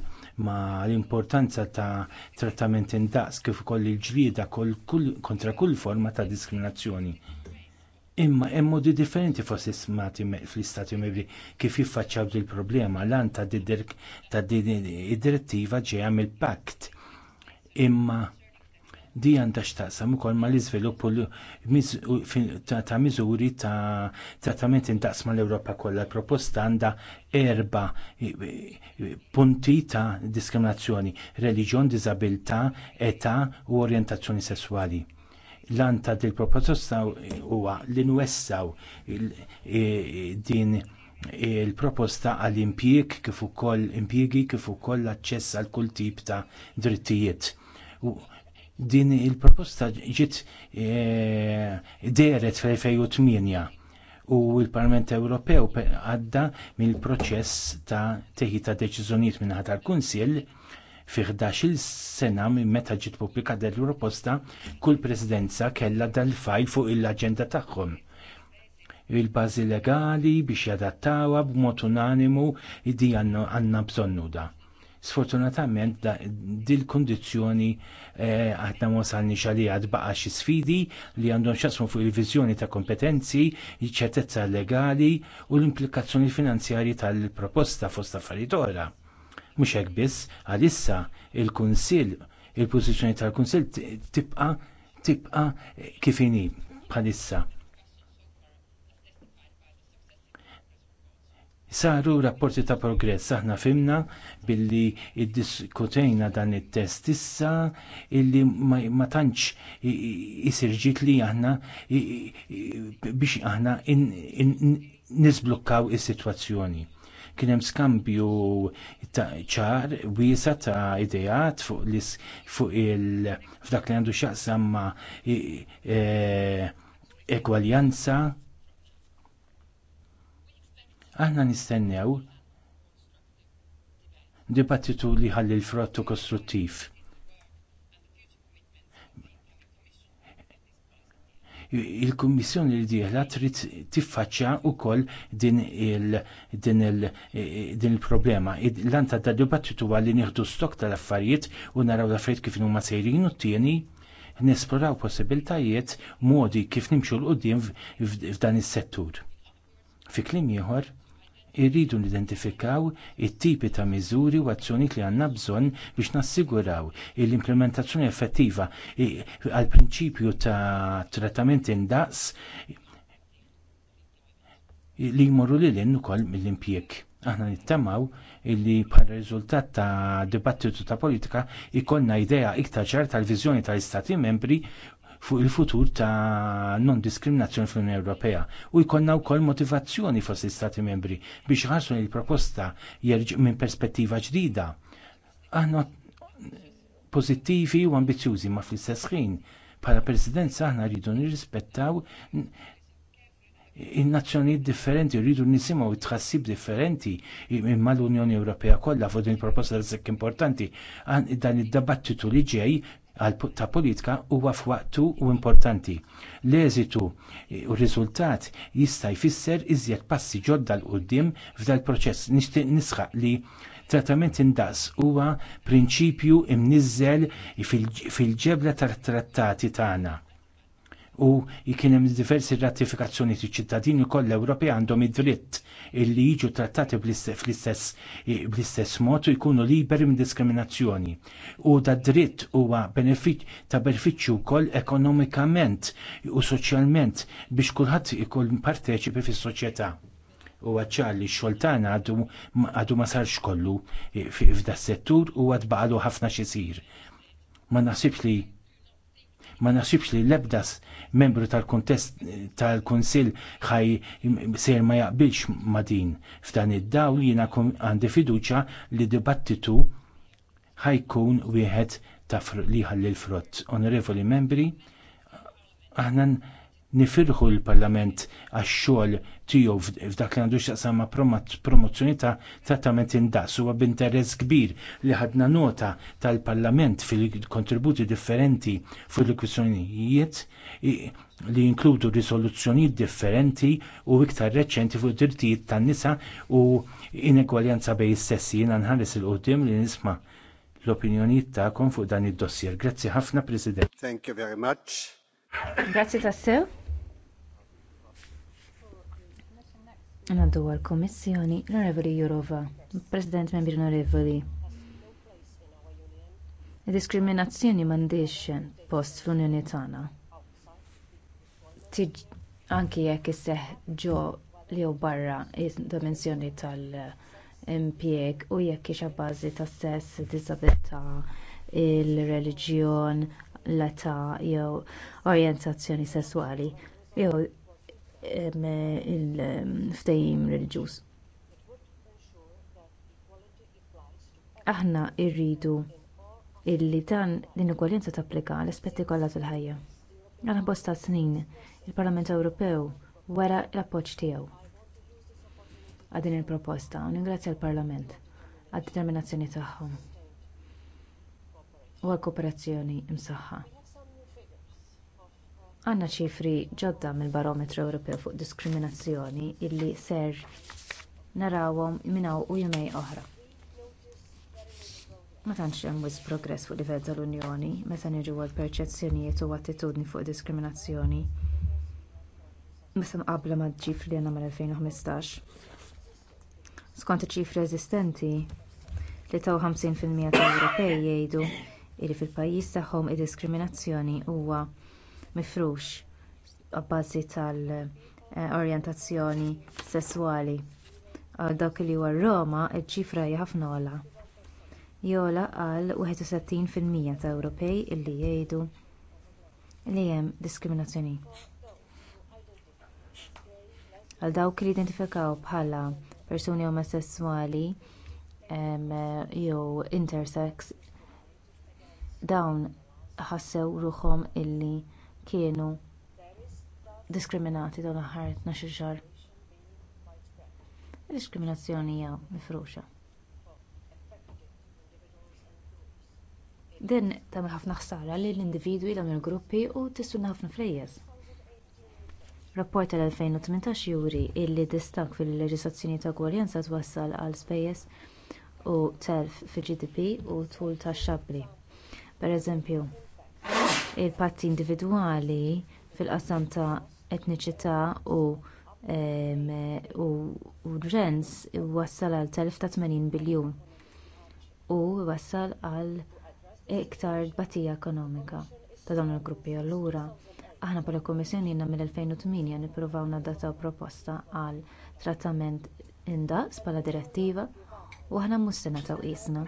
ma l-importanza ta' trattament indaqs kif ukoll il-ġlieda kontra kull forma ta' diskriminazzjoni. Imma hemm modi differenti fost ismati fl-Istati Membri kif jiffaċċjaw il problema l-an ta' id-direttiva ġejja mill pakt Imma Di għandha x'taqsam ukoll mal-iżvilupp ta' miżuri ta' trattament intaqs mal-Ewropa kollha. Proposta għandha erba punti ta' diskriminazzjoni: reliġjon, diżabilità, età u orjentazzjoni sesswali. l għanta dil-proposta huwa li nwessaw din il-proposta għal impjieg kif ukoll impjiegi kif ukoll l-aċċess għal kull tip ta' drittijiet. Din il-proposta ġiet e, deret fl-2008 u l-Parlament Ewropew għadda mill-proċess ta' teħita deċiżjonijiet minn ħadd tal-Kunsill fi 11-il sena minn meta ġiet pubblikata l-proposta, kull presidenza kellha dal-fajl fuq l-aġenda tagħhom. Il-bażi legali biex jadattawa b'mod unanimu di għandna bżonnu da. Sfortunatament dil kundizzjoni eh, għadna wasalni għad baqa' xi sfidi li għandhom xasmu fuq il-viżjoni ta' kompetenzi, ċertezza legali u l-implikazzjoni finanzjarji tal-proposta fost affarijiet oħra. Mhux hekk biss, għalissa il-Kunsill, il pozizjoni tal-Kunsill tibqa' tibqa' kif inhi bħalissa Saru rapporti ta' progress, aħna fimna billi ddiskutejna dan it-test issa illi ma tantx isirġit li aħna biex aħna nisblukkaw is-sitwazzjoni. Kien hemm skambju ta' ċar wiesa ta' idejat fuq il f'dak li għandu x'jaqsam ma' ekwaljanza Aħna nistennew dibattitu li ħalli l-frottu kostruttiv. il-Kummissjoni li dieħla trid tiffaċċja wkoll din il-problema. L-anta ta' dibattitu għalli nieħdu stok tal-affarijiet u naraw l-affarijiet kif huma sejrin u t-tieni nesploraw possibiltajiet modi kif nimxu l-qudiem f'dan is-settur. Fi kliem ieħor, irridu nidentifikaw it-tipi ta' miżuri u azzjonijiet li għandna bżonn biex nassiguraw l-implementazzjoni effettiva għall prinċipju ta' trattament indaqs li jmorru lil hinn ukoll mill-impjeg. Aħna nittamaw illi bħal riżultat ta' dibattitu ta' politika ikollna idea iktar ċar tal-viżjoni tal-Istati membri fuq il-futur ta' non-diskriminazzjoni fl-Unjoni Ewropea u jkollna wkoll motivazzjoni fost l-Istati membri biex ħarsu l proposta jerġ' minn perspettiva ġdida. Aħna pożittivi u ambizjużi ma fl-istess ħin bħala presidenza aħna rridu nirrispettaw in-nazzjonijiet differenti, rridu nisimgħu tħassib differenti imma l-Unjoni Ewropea kollha fuq din il-proposta sekk importanti dan id-dibattitu li ġej ta' politika huwa f'waqtu u importanti. L-eżitu u r-riżultat jista' jfisser iżjed passi ġodda l qudiem f'dal proċess. Nixtieq nisħaq li trattament indaqs huwa prinċipju imniżżel fil-ġebla tat trattati tagħna u kien hemm diversi ratifikazzjoni ti ċittadini l Ewropej għandhom id-dritt illi jiġu trattati bl-istess mod u jkunu liberi minn diskriminazzjoni. U da dritt huwa ta' benefiċċju wkoll ekonomikament u soċjalment biex kulħadd ikun parteċipi fis-soċjetà u għadċalli xoltana għadu ma sarx kollu f'da settur u għadbaqalu ħafna xisir. Ma naħsibx li ma naħsibx li l ebdas membru tal-kuntest tal-Kunsill ħaj ser ma jaqbilx ma din. F'dan id-dawl jiena għandi fiduċja li dibattitu ħajkun wieħed ta' liħal l-frott. Onorevoli membri, aħna nifirħu l-Parlament għax-xogħol tiegħu f'dak li għandu x'aqsam ma' promozzjoni ta' trattament indaqs huwa b'interess kbir li ħadna nota tal-Parlament fil-kontributi differenti fuq il-kwistjonijiet li jinkludu risoluzzjonijiet differenti u iktar reċenti fuq drittijiet tan-nisa u inegwaljanza bejn is-sessi jiena nħares il-qudiem li nisma' l-opinjonijiet tagħkom fuq dan id-dossier. Grazzi ħafna President. Thank you very much. Grazzi tassew. Għaddu għal kommissjoni l-Onorevoli Jurova, President Membri Onorevoli. Diskriminazzjoni m'għandix post fl-Unjoni tagħna. Anki jekk isseħ ġo li jew barra id-dimensjoni tal-impjeg u jekk hija bażi ta' sess, disabilità, il-reliġjon, l-età jew orjentazzjoni sesswali jew il-ftehim reliġjuż. Aħna rridu illi dan l-inugwaljanza tapplika l aspetti kollha tal-ħajja. Għal bosta snin il-Parlament Ewropew wara l-appoġġ tiegħu għal din il-proposta u ningrazzja l-Parlament għad-determinazzjoni tagħhom u għall-kooperazzjoni msaħħa. Għandna ċifri ġodda mill-Barometru Ewropew fuq diskriminazzjoni illi ser narawhom minn hawn u jumej oħra. Ma tantx hemm wisq progress fuq livell tal-Unjoni meta niġu għal perċezzjonijiet u attitudni fuq diskriminazzjoni. Meta mqabbla ma' ċifri għandna mal-2015. Skont iċ-ċifri eżistenti, li taw 50% tal-Ewropej jgħidu li fil-pajjiż tagħhom id-diskriminazzjoni huwa mifrux b'bażi tal-orjentazzjoni sesswali għal dawk li huwa r-roma iċ-ċifra hija ħafna ogħla jola għal 31 fil-mija ta' ewropej illi jgħidu li hemm diskriminazzjoni għal dawk li jidentifikaw bħala persuni omosesswali jew intersex dawn ħassew ruħhom illi kienu diskriminati dawn l-aħħar 12-il xahar id-diskriminazzjoni hija mifruxa din tagħmel ħafna ħsara lill-individwi dawn il-gruppi u tistunna ħafna flejjes rapport tal-2018 juri li d-distakk fil-leġiżlazzjoni ta' ugwaljanza twassal għal spejjeż u telf fil-gdp u tul tax-xabbri pereżempju il-patti individwali fil-qasam ta' etniċità u u ġens iwassal għal telf ta' biljun u wassal għal iktar tbatija ekonomika ta' dawn il-gruppi allura aħna bħala kummissjoni għandna mill-2008 nippruvaw nadattaw proposta għal trattament daqs bħala direttiva u aħna mhux se nagħtaw qiesna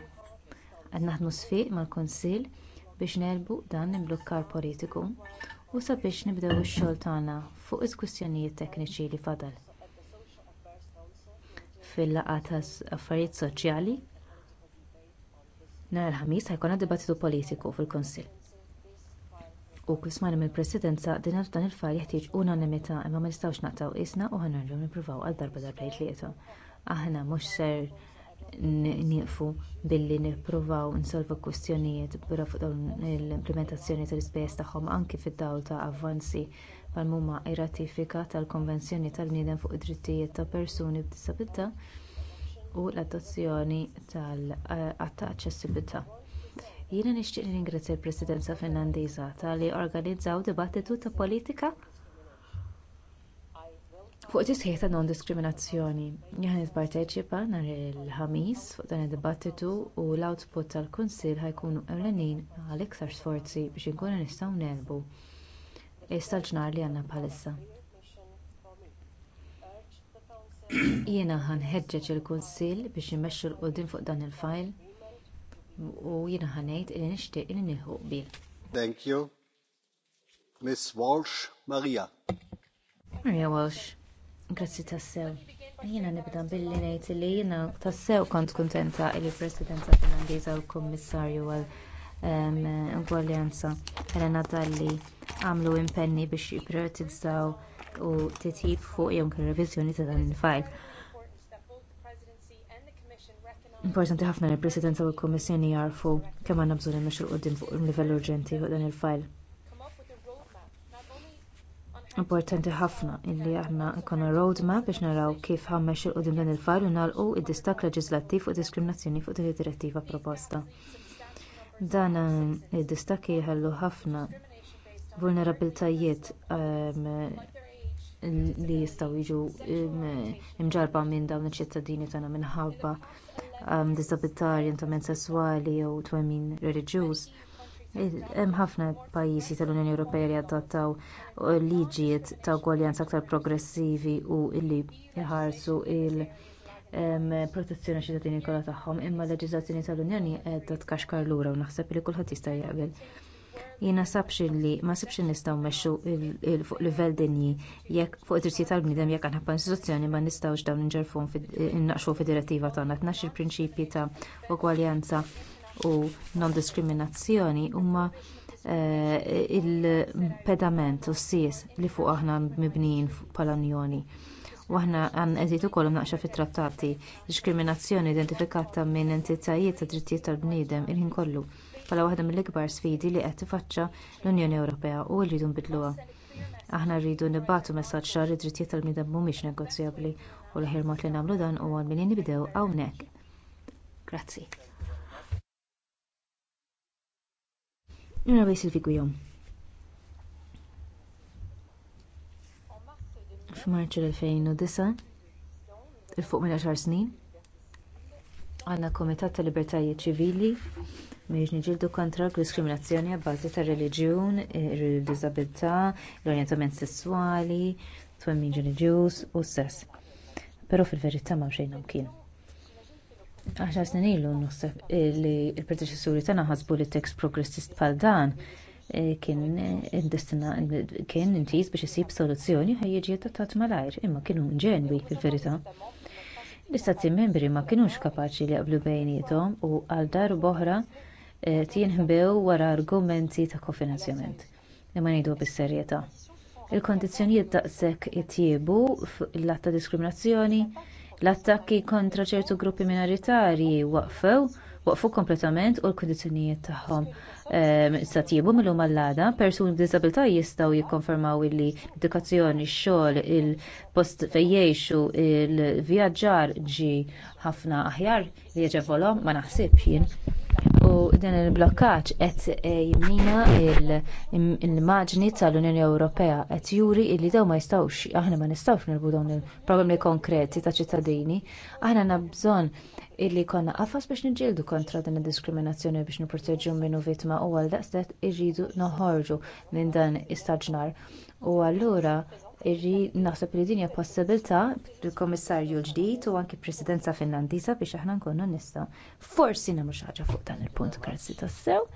qed naħdmu sfiq mal-kunsill biex nelbu dan l-imblukkar politiku u sabiex nibdew ix-xogħol tagħna fuq is-kwistjonijiet tekniċi li fadal fil-laqgħa tal affarijiet soċjali nhar il-ħamis ħajkun dibattitu politiku fil-kunsill u kif smajna mill-presidenza din dan il-fajl jeħtieġ unanimità imma ma nistgħux naqtaw qisna u ħanarġu nippruvaw għal darba darbejn tlieta aħna mhux ser nieqfu billi nippruvaw insolvu kwistjonijiet bura fuq l-implementazzjoni tal-ispejjeż tagħhom anki fid-dawl ta' avvanzi bħal huma r-ratifika tal-konvenzjoni tal-bniedem fuq id-drittijiet ta' persuni b'diżabilità u l-adozzjoni tal-att ta' jiena nixtieq ningrazzja l-presidenza finlandiża talli organizzaw dibattitu ta' politika fuq tisħiħ ta' non-diskriminazzjoni. Jaħan nipparteċipa nhar il-ħamis fuq dan id-dibattitu u l-output tal-Kunsill ħajkun ewlenin għal iktar sforzi biex inkunu nistgħu nelbu is-salġnar li għandna bħalissa. Jiena ħanħeġġeġ il-Kunsill biex imexxu l-qudiem fuq dan il-fajl u jiena ħanejt li nixtieq li nieħu qbil. Thank you. Miss Walsh, Maria. Maria Walsh. Grazzi tassew. Jiena nibda billi nejt li jiena tassew kont kuntenta li presidenza Finlandiża u l-Kummissarju għall Ugwaljanza Elena Dalli għamlu impenni biex jipprioritizzaw u titjib fuq jom ir revizjoni ta' dan il-fajl. Importanti ħafna li presidenza u l-Kummissjoni jarfu kemm għandna bżonn imexxu l fuq il-livell urġenti fuq dan il-fajl importanti ħafna illi aħna jkollna roadmap biex naraw kif ħammex il qudiem dan il-fajl u nagħlqu d-distakk leġislattiv fuq diskriminazzjoni fuq din id-direttiva proposta. Dan eh, id-distakk jħallu ħafna vulnerabbiltajiet ehm, li jistgħu jiġu ehm, imġarba minn dawn iċ-ċittadini tagħna minħabba ehm, disabilità, orientament sesswali jew twemmin reliġjuż Hemm ħafna pajjiżi tal-Unjoni Ewropea li adottaw uh, liġijiet ta' ugwaljanza aktar progressivi u li jħarsu l protezzjoni ċittadini kollha tagħhom, imma l-leġiżlazzjoni tal-Unjoni qiegħda tkaxkar lura u naħseb li kulħadd jista' jaqbel. Jiena sabx li ma sibx nistgħu mmexxu fuq livell dinji jekk fuq id-drittijiet tal-bniedem jekk aħna istituzzjoni ma nistgħux dawn inġerfhom innaqxu fid-direttiva tagħna tnax il-prinċipji ta' ugwaljanza u non-diskriminazzjoni huma eh, il-pedament u s-sis li fuq aħna mibnijin bħala unjoni u aħna għan eżitu kolum naqxa fit-trattati diskriminazzjoni identifikata minn entitajiet ta' drittijiet tal-bniedem il-ħin kollu bħala waħda mill-ikbar sfidi li qed tiffaċċja l-Unjoni Ewropea u rridu nbidluha. Aħna rridu nibagħtu messaġġ ċar id-drittijiet tal-bniedem mhumiex negozjabbli u l-ħirmot li nagħmlu dan huwa milli nibdew hawnhekk. Grazzi. Nara mela bej il-figwijom. F'Marċu l-2009, il-fuq mila xar snin, għandna Kumitat ta' Libertajiet Ċivili biex ġildu kontra l-diskriminazzjoni għabbażi ta' reliġjun, ir-disabilità, l-orjentament sesswali, twemmin reliġjuż u s-sess. Però fil-verità ma' xejn kien 10 snin ilu naħseb li l-predeċessuri tagħna ħasbu li tekst progressist bħal dan eh, kien eh, indestina kien biex isib soluzzjoni ħaj jiġi adattat malajr imma kienu inġenwi fil-verità. L-istati membri ma kinux kapaċi li jaqblu bejniethom u għal dar boħra eh, tienħbew wara argumenti ta' kofinanzjament. ma ngħidu bis-serjetà. Il-kondizzjonijiet daqshekk ittjiebu l-att ta' diskriminazzjoni l-attakki kontra ċertu gruppi minoritarji waqqfu waqfu kompletament u l-kundizzjonijiet tagħhom ehm, sa tjiebu minnhom għall-għada persuni b'diżabilità jistgħu jikkonfermaw illi edukazzjoni x-xogħol il-post fejn jgħixu il-vjaġġar ġie ħafna aħjar li jeġevolhom ma naħsibx jien dan il-blokkaġġ qed eh, jimmina l-immaġni tal-Unjoni Ewropea qed juri li dawn ma jistgħux aħna ma nistgħux nirbu dawn il-problemi konkreti ta' ċittadini. Aħna għandna bżonn illi jkollna qafas biex niġġieldu kontra din id-diskriminazzjoni biex nipproteġġu minnu vittma u għaldaqstant irridu noħorġu minn dan istaġnar. U allura irri naħseb li din hija possibilità lill-kummissarju l-ġdid u anki presidenza finlandiża biex aħna nkunu nista' forsi nagħmlu xi ħaġa fuq dan il-punt grazzi tassew.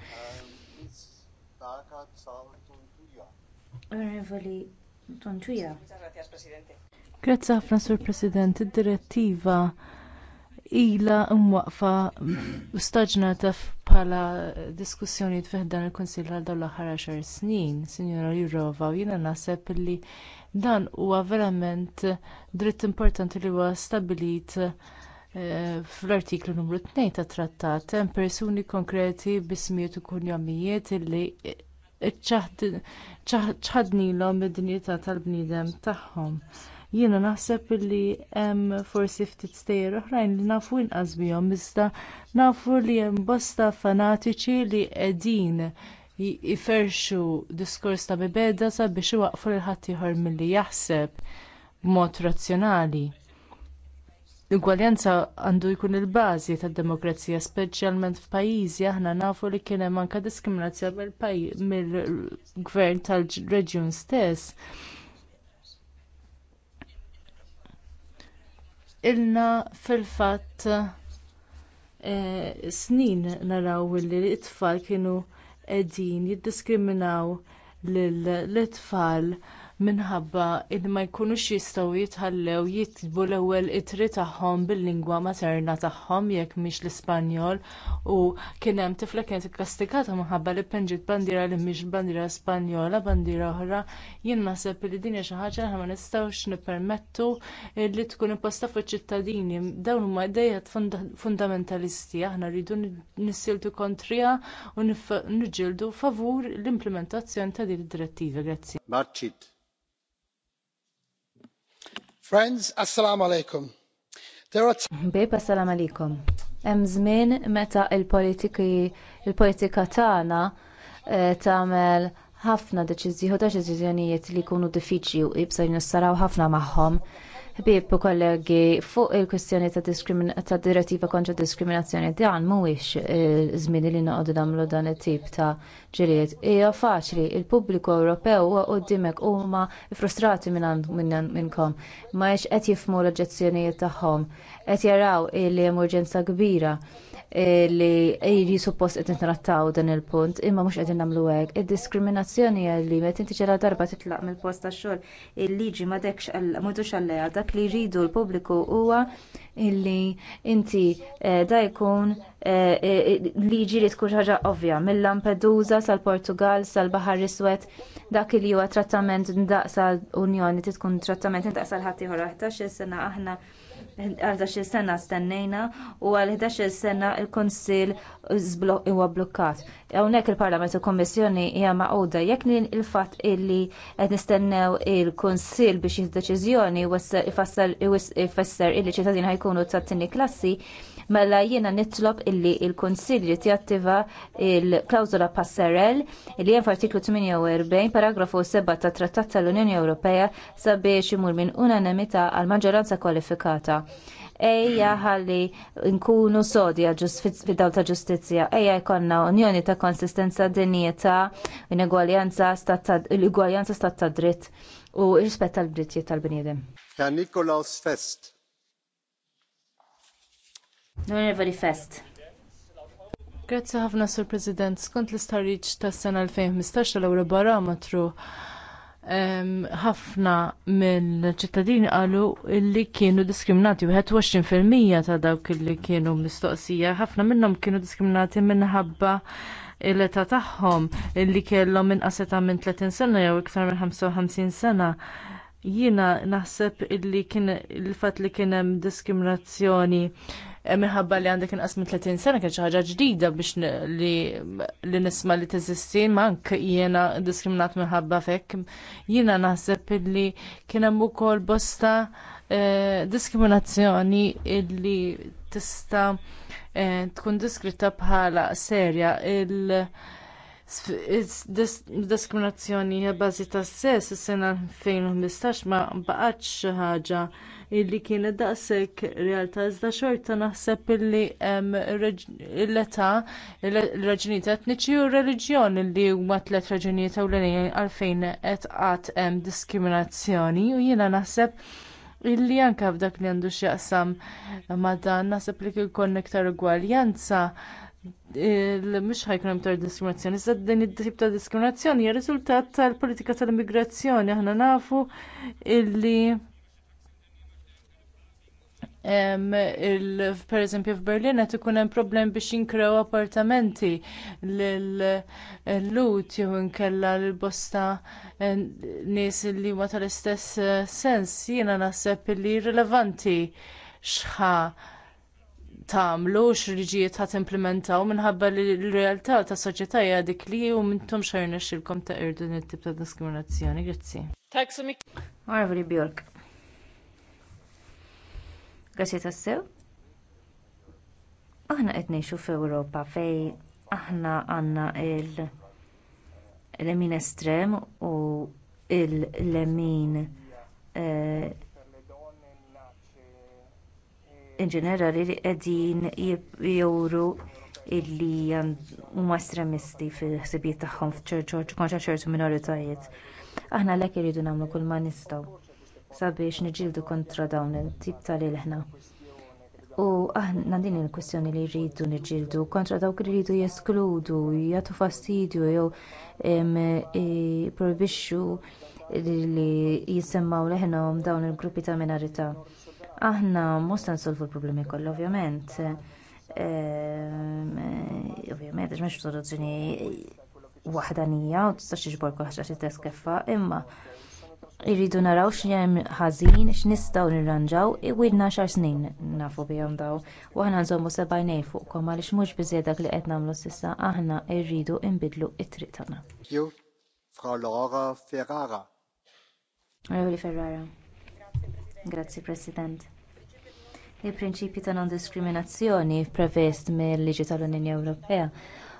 Onorevoli Grazzi ħafna Sur President, id-direttiva ilha mwaqfa staġnata bħala diskussjoni fiħdan il-Kunsill għal dawn l-aħħar għaxar snin, Sinjora Jurova, u jiena naħseb li dan huwa verament dritt importanti li huwa stabbilit eh, fl-artiklu numru 2 tat-trattat hemm persuni konkreti b'ismijiet u kunjamijiet li ċħadnilhom id-dinjità tal-bniedem tagħhom. Jiena naħseb li hemm forsi ftit stejjer oħrajn li nafu inqas bihom iżda nafu li hemm bosta fanatiċi li qegħdin jiferxu diskors ta' bibeda sabiex iwaqfu lil ħadd ieħor milli jaħseb b'mod razzjonali. L-ugwaljanza għandu jkun il-bażi tad-demokrazija, speċjalment f'pajjiżi aħna nafu li kien hemm anke diskriminazzjoni mill-gvern tal-reġjun stess. Ilna fil-fatt eh, snin naraw li t-tfal kienu qegħdin jiddiskriminaw lil tfal minħabba li ma jkunux jistgħu jitħallew jiktbu l-ewwel itri tagħhom bil-lingwa materna tagħhom jekk mhix l-Ispanjol u kien hemm tifla kienet ikkastikata minħabba li penġit bandiera li mhix bandiera Spanjola, bandiera oħra, jien naħseb li din xi ħaġa li ma nistgħux nippermettu li tkun imposta fuq ċittadini. Dawn huma idejat fundamentalisti aħna rridu nissiltu kontrija u niġġieldu favur l-implementazzjoni ta' din id-direttiva. Grazzi. Friends, assalamu alaikum. Bib, assalamu alaikum. Hemm żmien meta il-politiki il-politika tagħna eh, tagħmel ħafna deċiżjoni u deċiżjonijiet li jkunu diffiċli u qibsa jinissaraw ħafna magħhom ħbieb u kollegi fuq il-kwestjoni ta' direttiva kontra diskriminazzjoni dan mhuwiex eh, żmien li noqogħdu nagħmlu dan it-tip ta' ġiliet. Hija faċli il-pubbliku Ewropew huwa qudiemek huma frustrati minn minnkom ma hux qed jifhmu l-oġġezzjonijiet tagħhom qed jaraw li emerġenza kbira li jiri suppost qed nittrattaw dan il-punt imma mhux qegħdin nagħmlu hekk. Id-diskriminazzjoni li meta inti ġara darba titlaq mill-post tax-xogħol il-liġi ma' dekx m'għadux għalleha dak li jridu l-pubbliku huwa illi inti eh, da jkun eh, eh, liġi li tkun ħaġa ovvja mill-Lampedusa sal-Portugal sal-Baħar Iswed dak li huwa trattament ndaqsa l-Unjoni tkun trattament ndaqsa l ħaddieħor ieħor 11 sena aħna 11 sena stennejna u għal 11 sena il-Konsil huwa blokkat. Hawnhekk il-Parlament u Kommissjoni hija maquda jekk il-fatt illi qed nistennew il-Kunsill biex jieħu deċiżjoni ifasser illi ċittadini ħajkunu tat tieni klassi mela jiena nitlob illi il-Kunsill li jattiva il klawzola passerell li hemm f'artiklu 48 paragrafu 7 tat Trattat tal-Unjoni Ewropea sabiex imur minn unanimità għal maġġoranza kwalifikata ejja ħalli nkunu sodi fid dawl ta' ġustizzja, ejja jkollna unjoni ta' konsistenza dinjeta, inegwaljanza l-igwaljanza stat ta' dritt u rispett l drittijiet tal-bniedem. Ja' Nikolaus Fest l Fest. Grazzi ħafna, Sur President. Skont l-istarriċ tas sena 2015 l barometru ħafna mill-ċittadini qalu li kienu diskriminati. 21% ta' dawk li kienu mistoqsija, ħafna minnhom kienu diskriminati minħabba l-età tagħhom li kellhom inqas età minn 30 sena jew iktar minn 55 sena. Jiena naħseb illi kien il-fatt li kien hemm diskriminazzjoni Eh, minħabba li għandek inqas minn 30 sena kien xi ħaġa ġdida biex li nisma' li teżisti mank jiena diskriminat minħabba fek. Jiena naħseb illi kien hemm ukoll bosta eh, diskriminazzjoni illi tista' eh, tkun diskritta bħala serja il- diskriminazzjoni bażi ta' sess is-sena 2015 ma baqgħetx xi ħaġa li kienet daqshekk realtà iżda xorta naħseb illi hemm l-età ir-raġunijiet etniċi u r-reliġjoni li huma tliet raġunijiet ewlenin għalfejn qed qatt hemm diskriminazzjoni u jiena naħseb illi anke f'dak li għandu x'jaqsam ma' dan naħseb li kien iktar ugwaljanza mhux ħajkun hemm tar diskriminazzjoni, iżda din it tip ta' diskriminazzjoni hija riżultat tal-politika tal-immigrazzjoni. Aħna nafu illi per eżempju f'Berlin qed ikun hemm problem biex jinkrew appartamenti lil-lut jew inkella lil bosta nies li huma tal-istess sens jiena naħseb li rilevanti x'ħa tagħmlu x'liġijiet ħadd implementaw minħabba li l-realtà tas-soċjetà hija dik li hu intom xejn nexxilkom ta' irdu it-tip ta' diskriminazzjoni. Grazzi. Tak so mik. Bjork. Grazzi tassew. Aħna qed ngħixu f'Ewropa fejn aħna għandna l emin estrem u l-lemin eh, ġenerali li qegħdin juru li huma estremisti fil-ħsibijiet tagħhom kontra ċertu minoritajiet. Aħna għalhekk irridu nagħmlu kull ma nistgħu sabiex niġġieldu kontra dawn it-tip tal-ilħna. U aħna din il-kwestjoni li jridu niġġieldu kontra dawk li jridu jeskludu, jagħtu fastidju jew prohibixxu li jisemmaw leħnhom dawn il-gruppi ta' minorità. Aħna mhux nsolvu l-problemi kollha ovvjament. Ehm, eh, ovvjament għax m'hemmx soluzzjoni waħdanija u tistax tiġbor kulħaġa xi teskeffa, imma irridu naraw x'hemm ħażin x'nistgħu nirranġaw iwilna xar snin nafu bihom daw u aħna nżommu sebgħinejn fuqkom għaliex mhux biżejjed dak li qed nagħmlu s'issa aħna rridu nbidlu t-triq tagħna. Frau Laura Ferrara. Ferrara. Grazzi President. Il-prinċipju ta' non diskriminazzjoni prevest mill-liġi tal-Unjoni Ewropea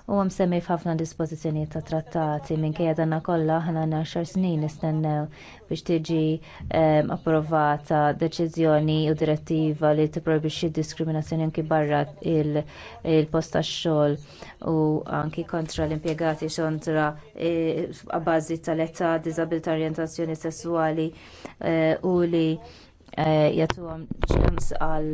huwa msemmi semmi f'ħafna dispożizzjonijiet ta' trattati minkejja danna kollha aħna għaxar snin nistennew biex tiġi ehm, approvata deċiżjoni u direttiva li tipprobixxi diskriminazzjoni anki barra il-post tax-xogħol u anki kontra l-impjegati kontra e, bażi tal-età, diżabilità, orjentazzjoni sesswali e, u li Eh, jagħtuhom ċans għal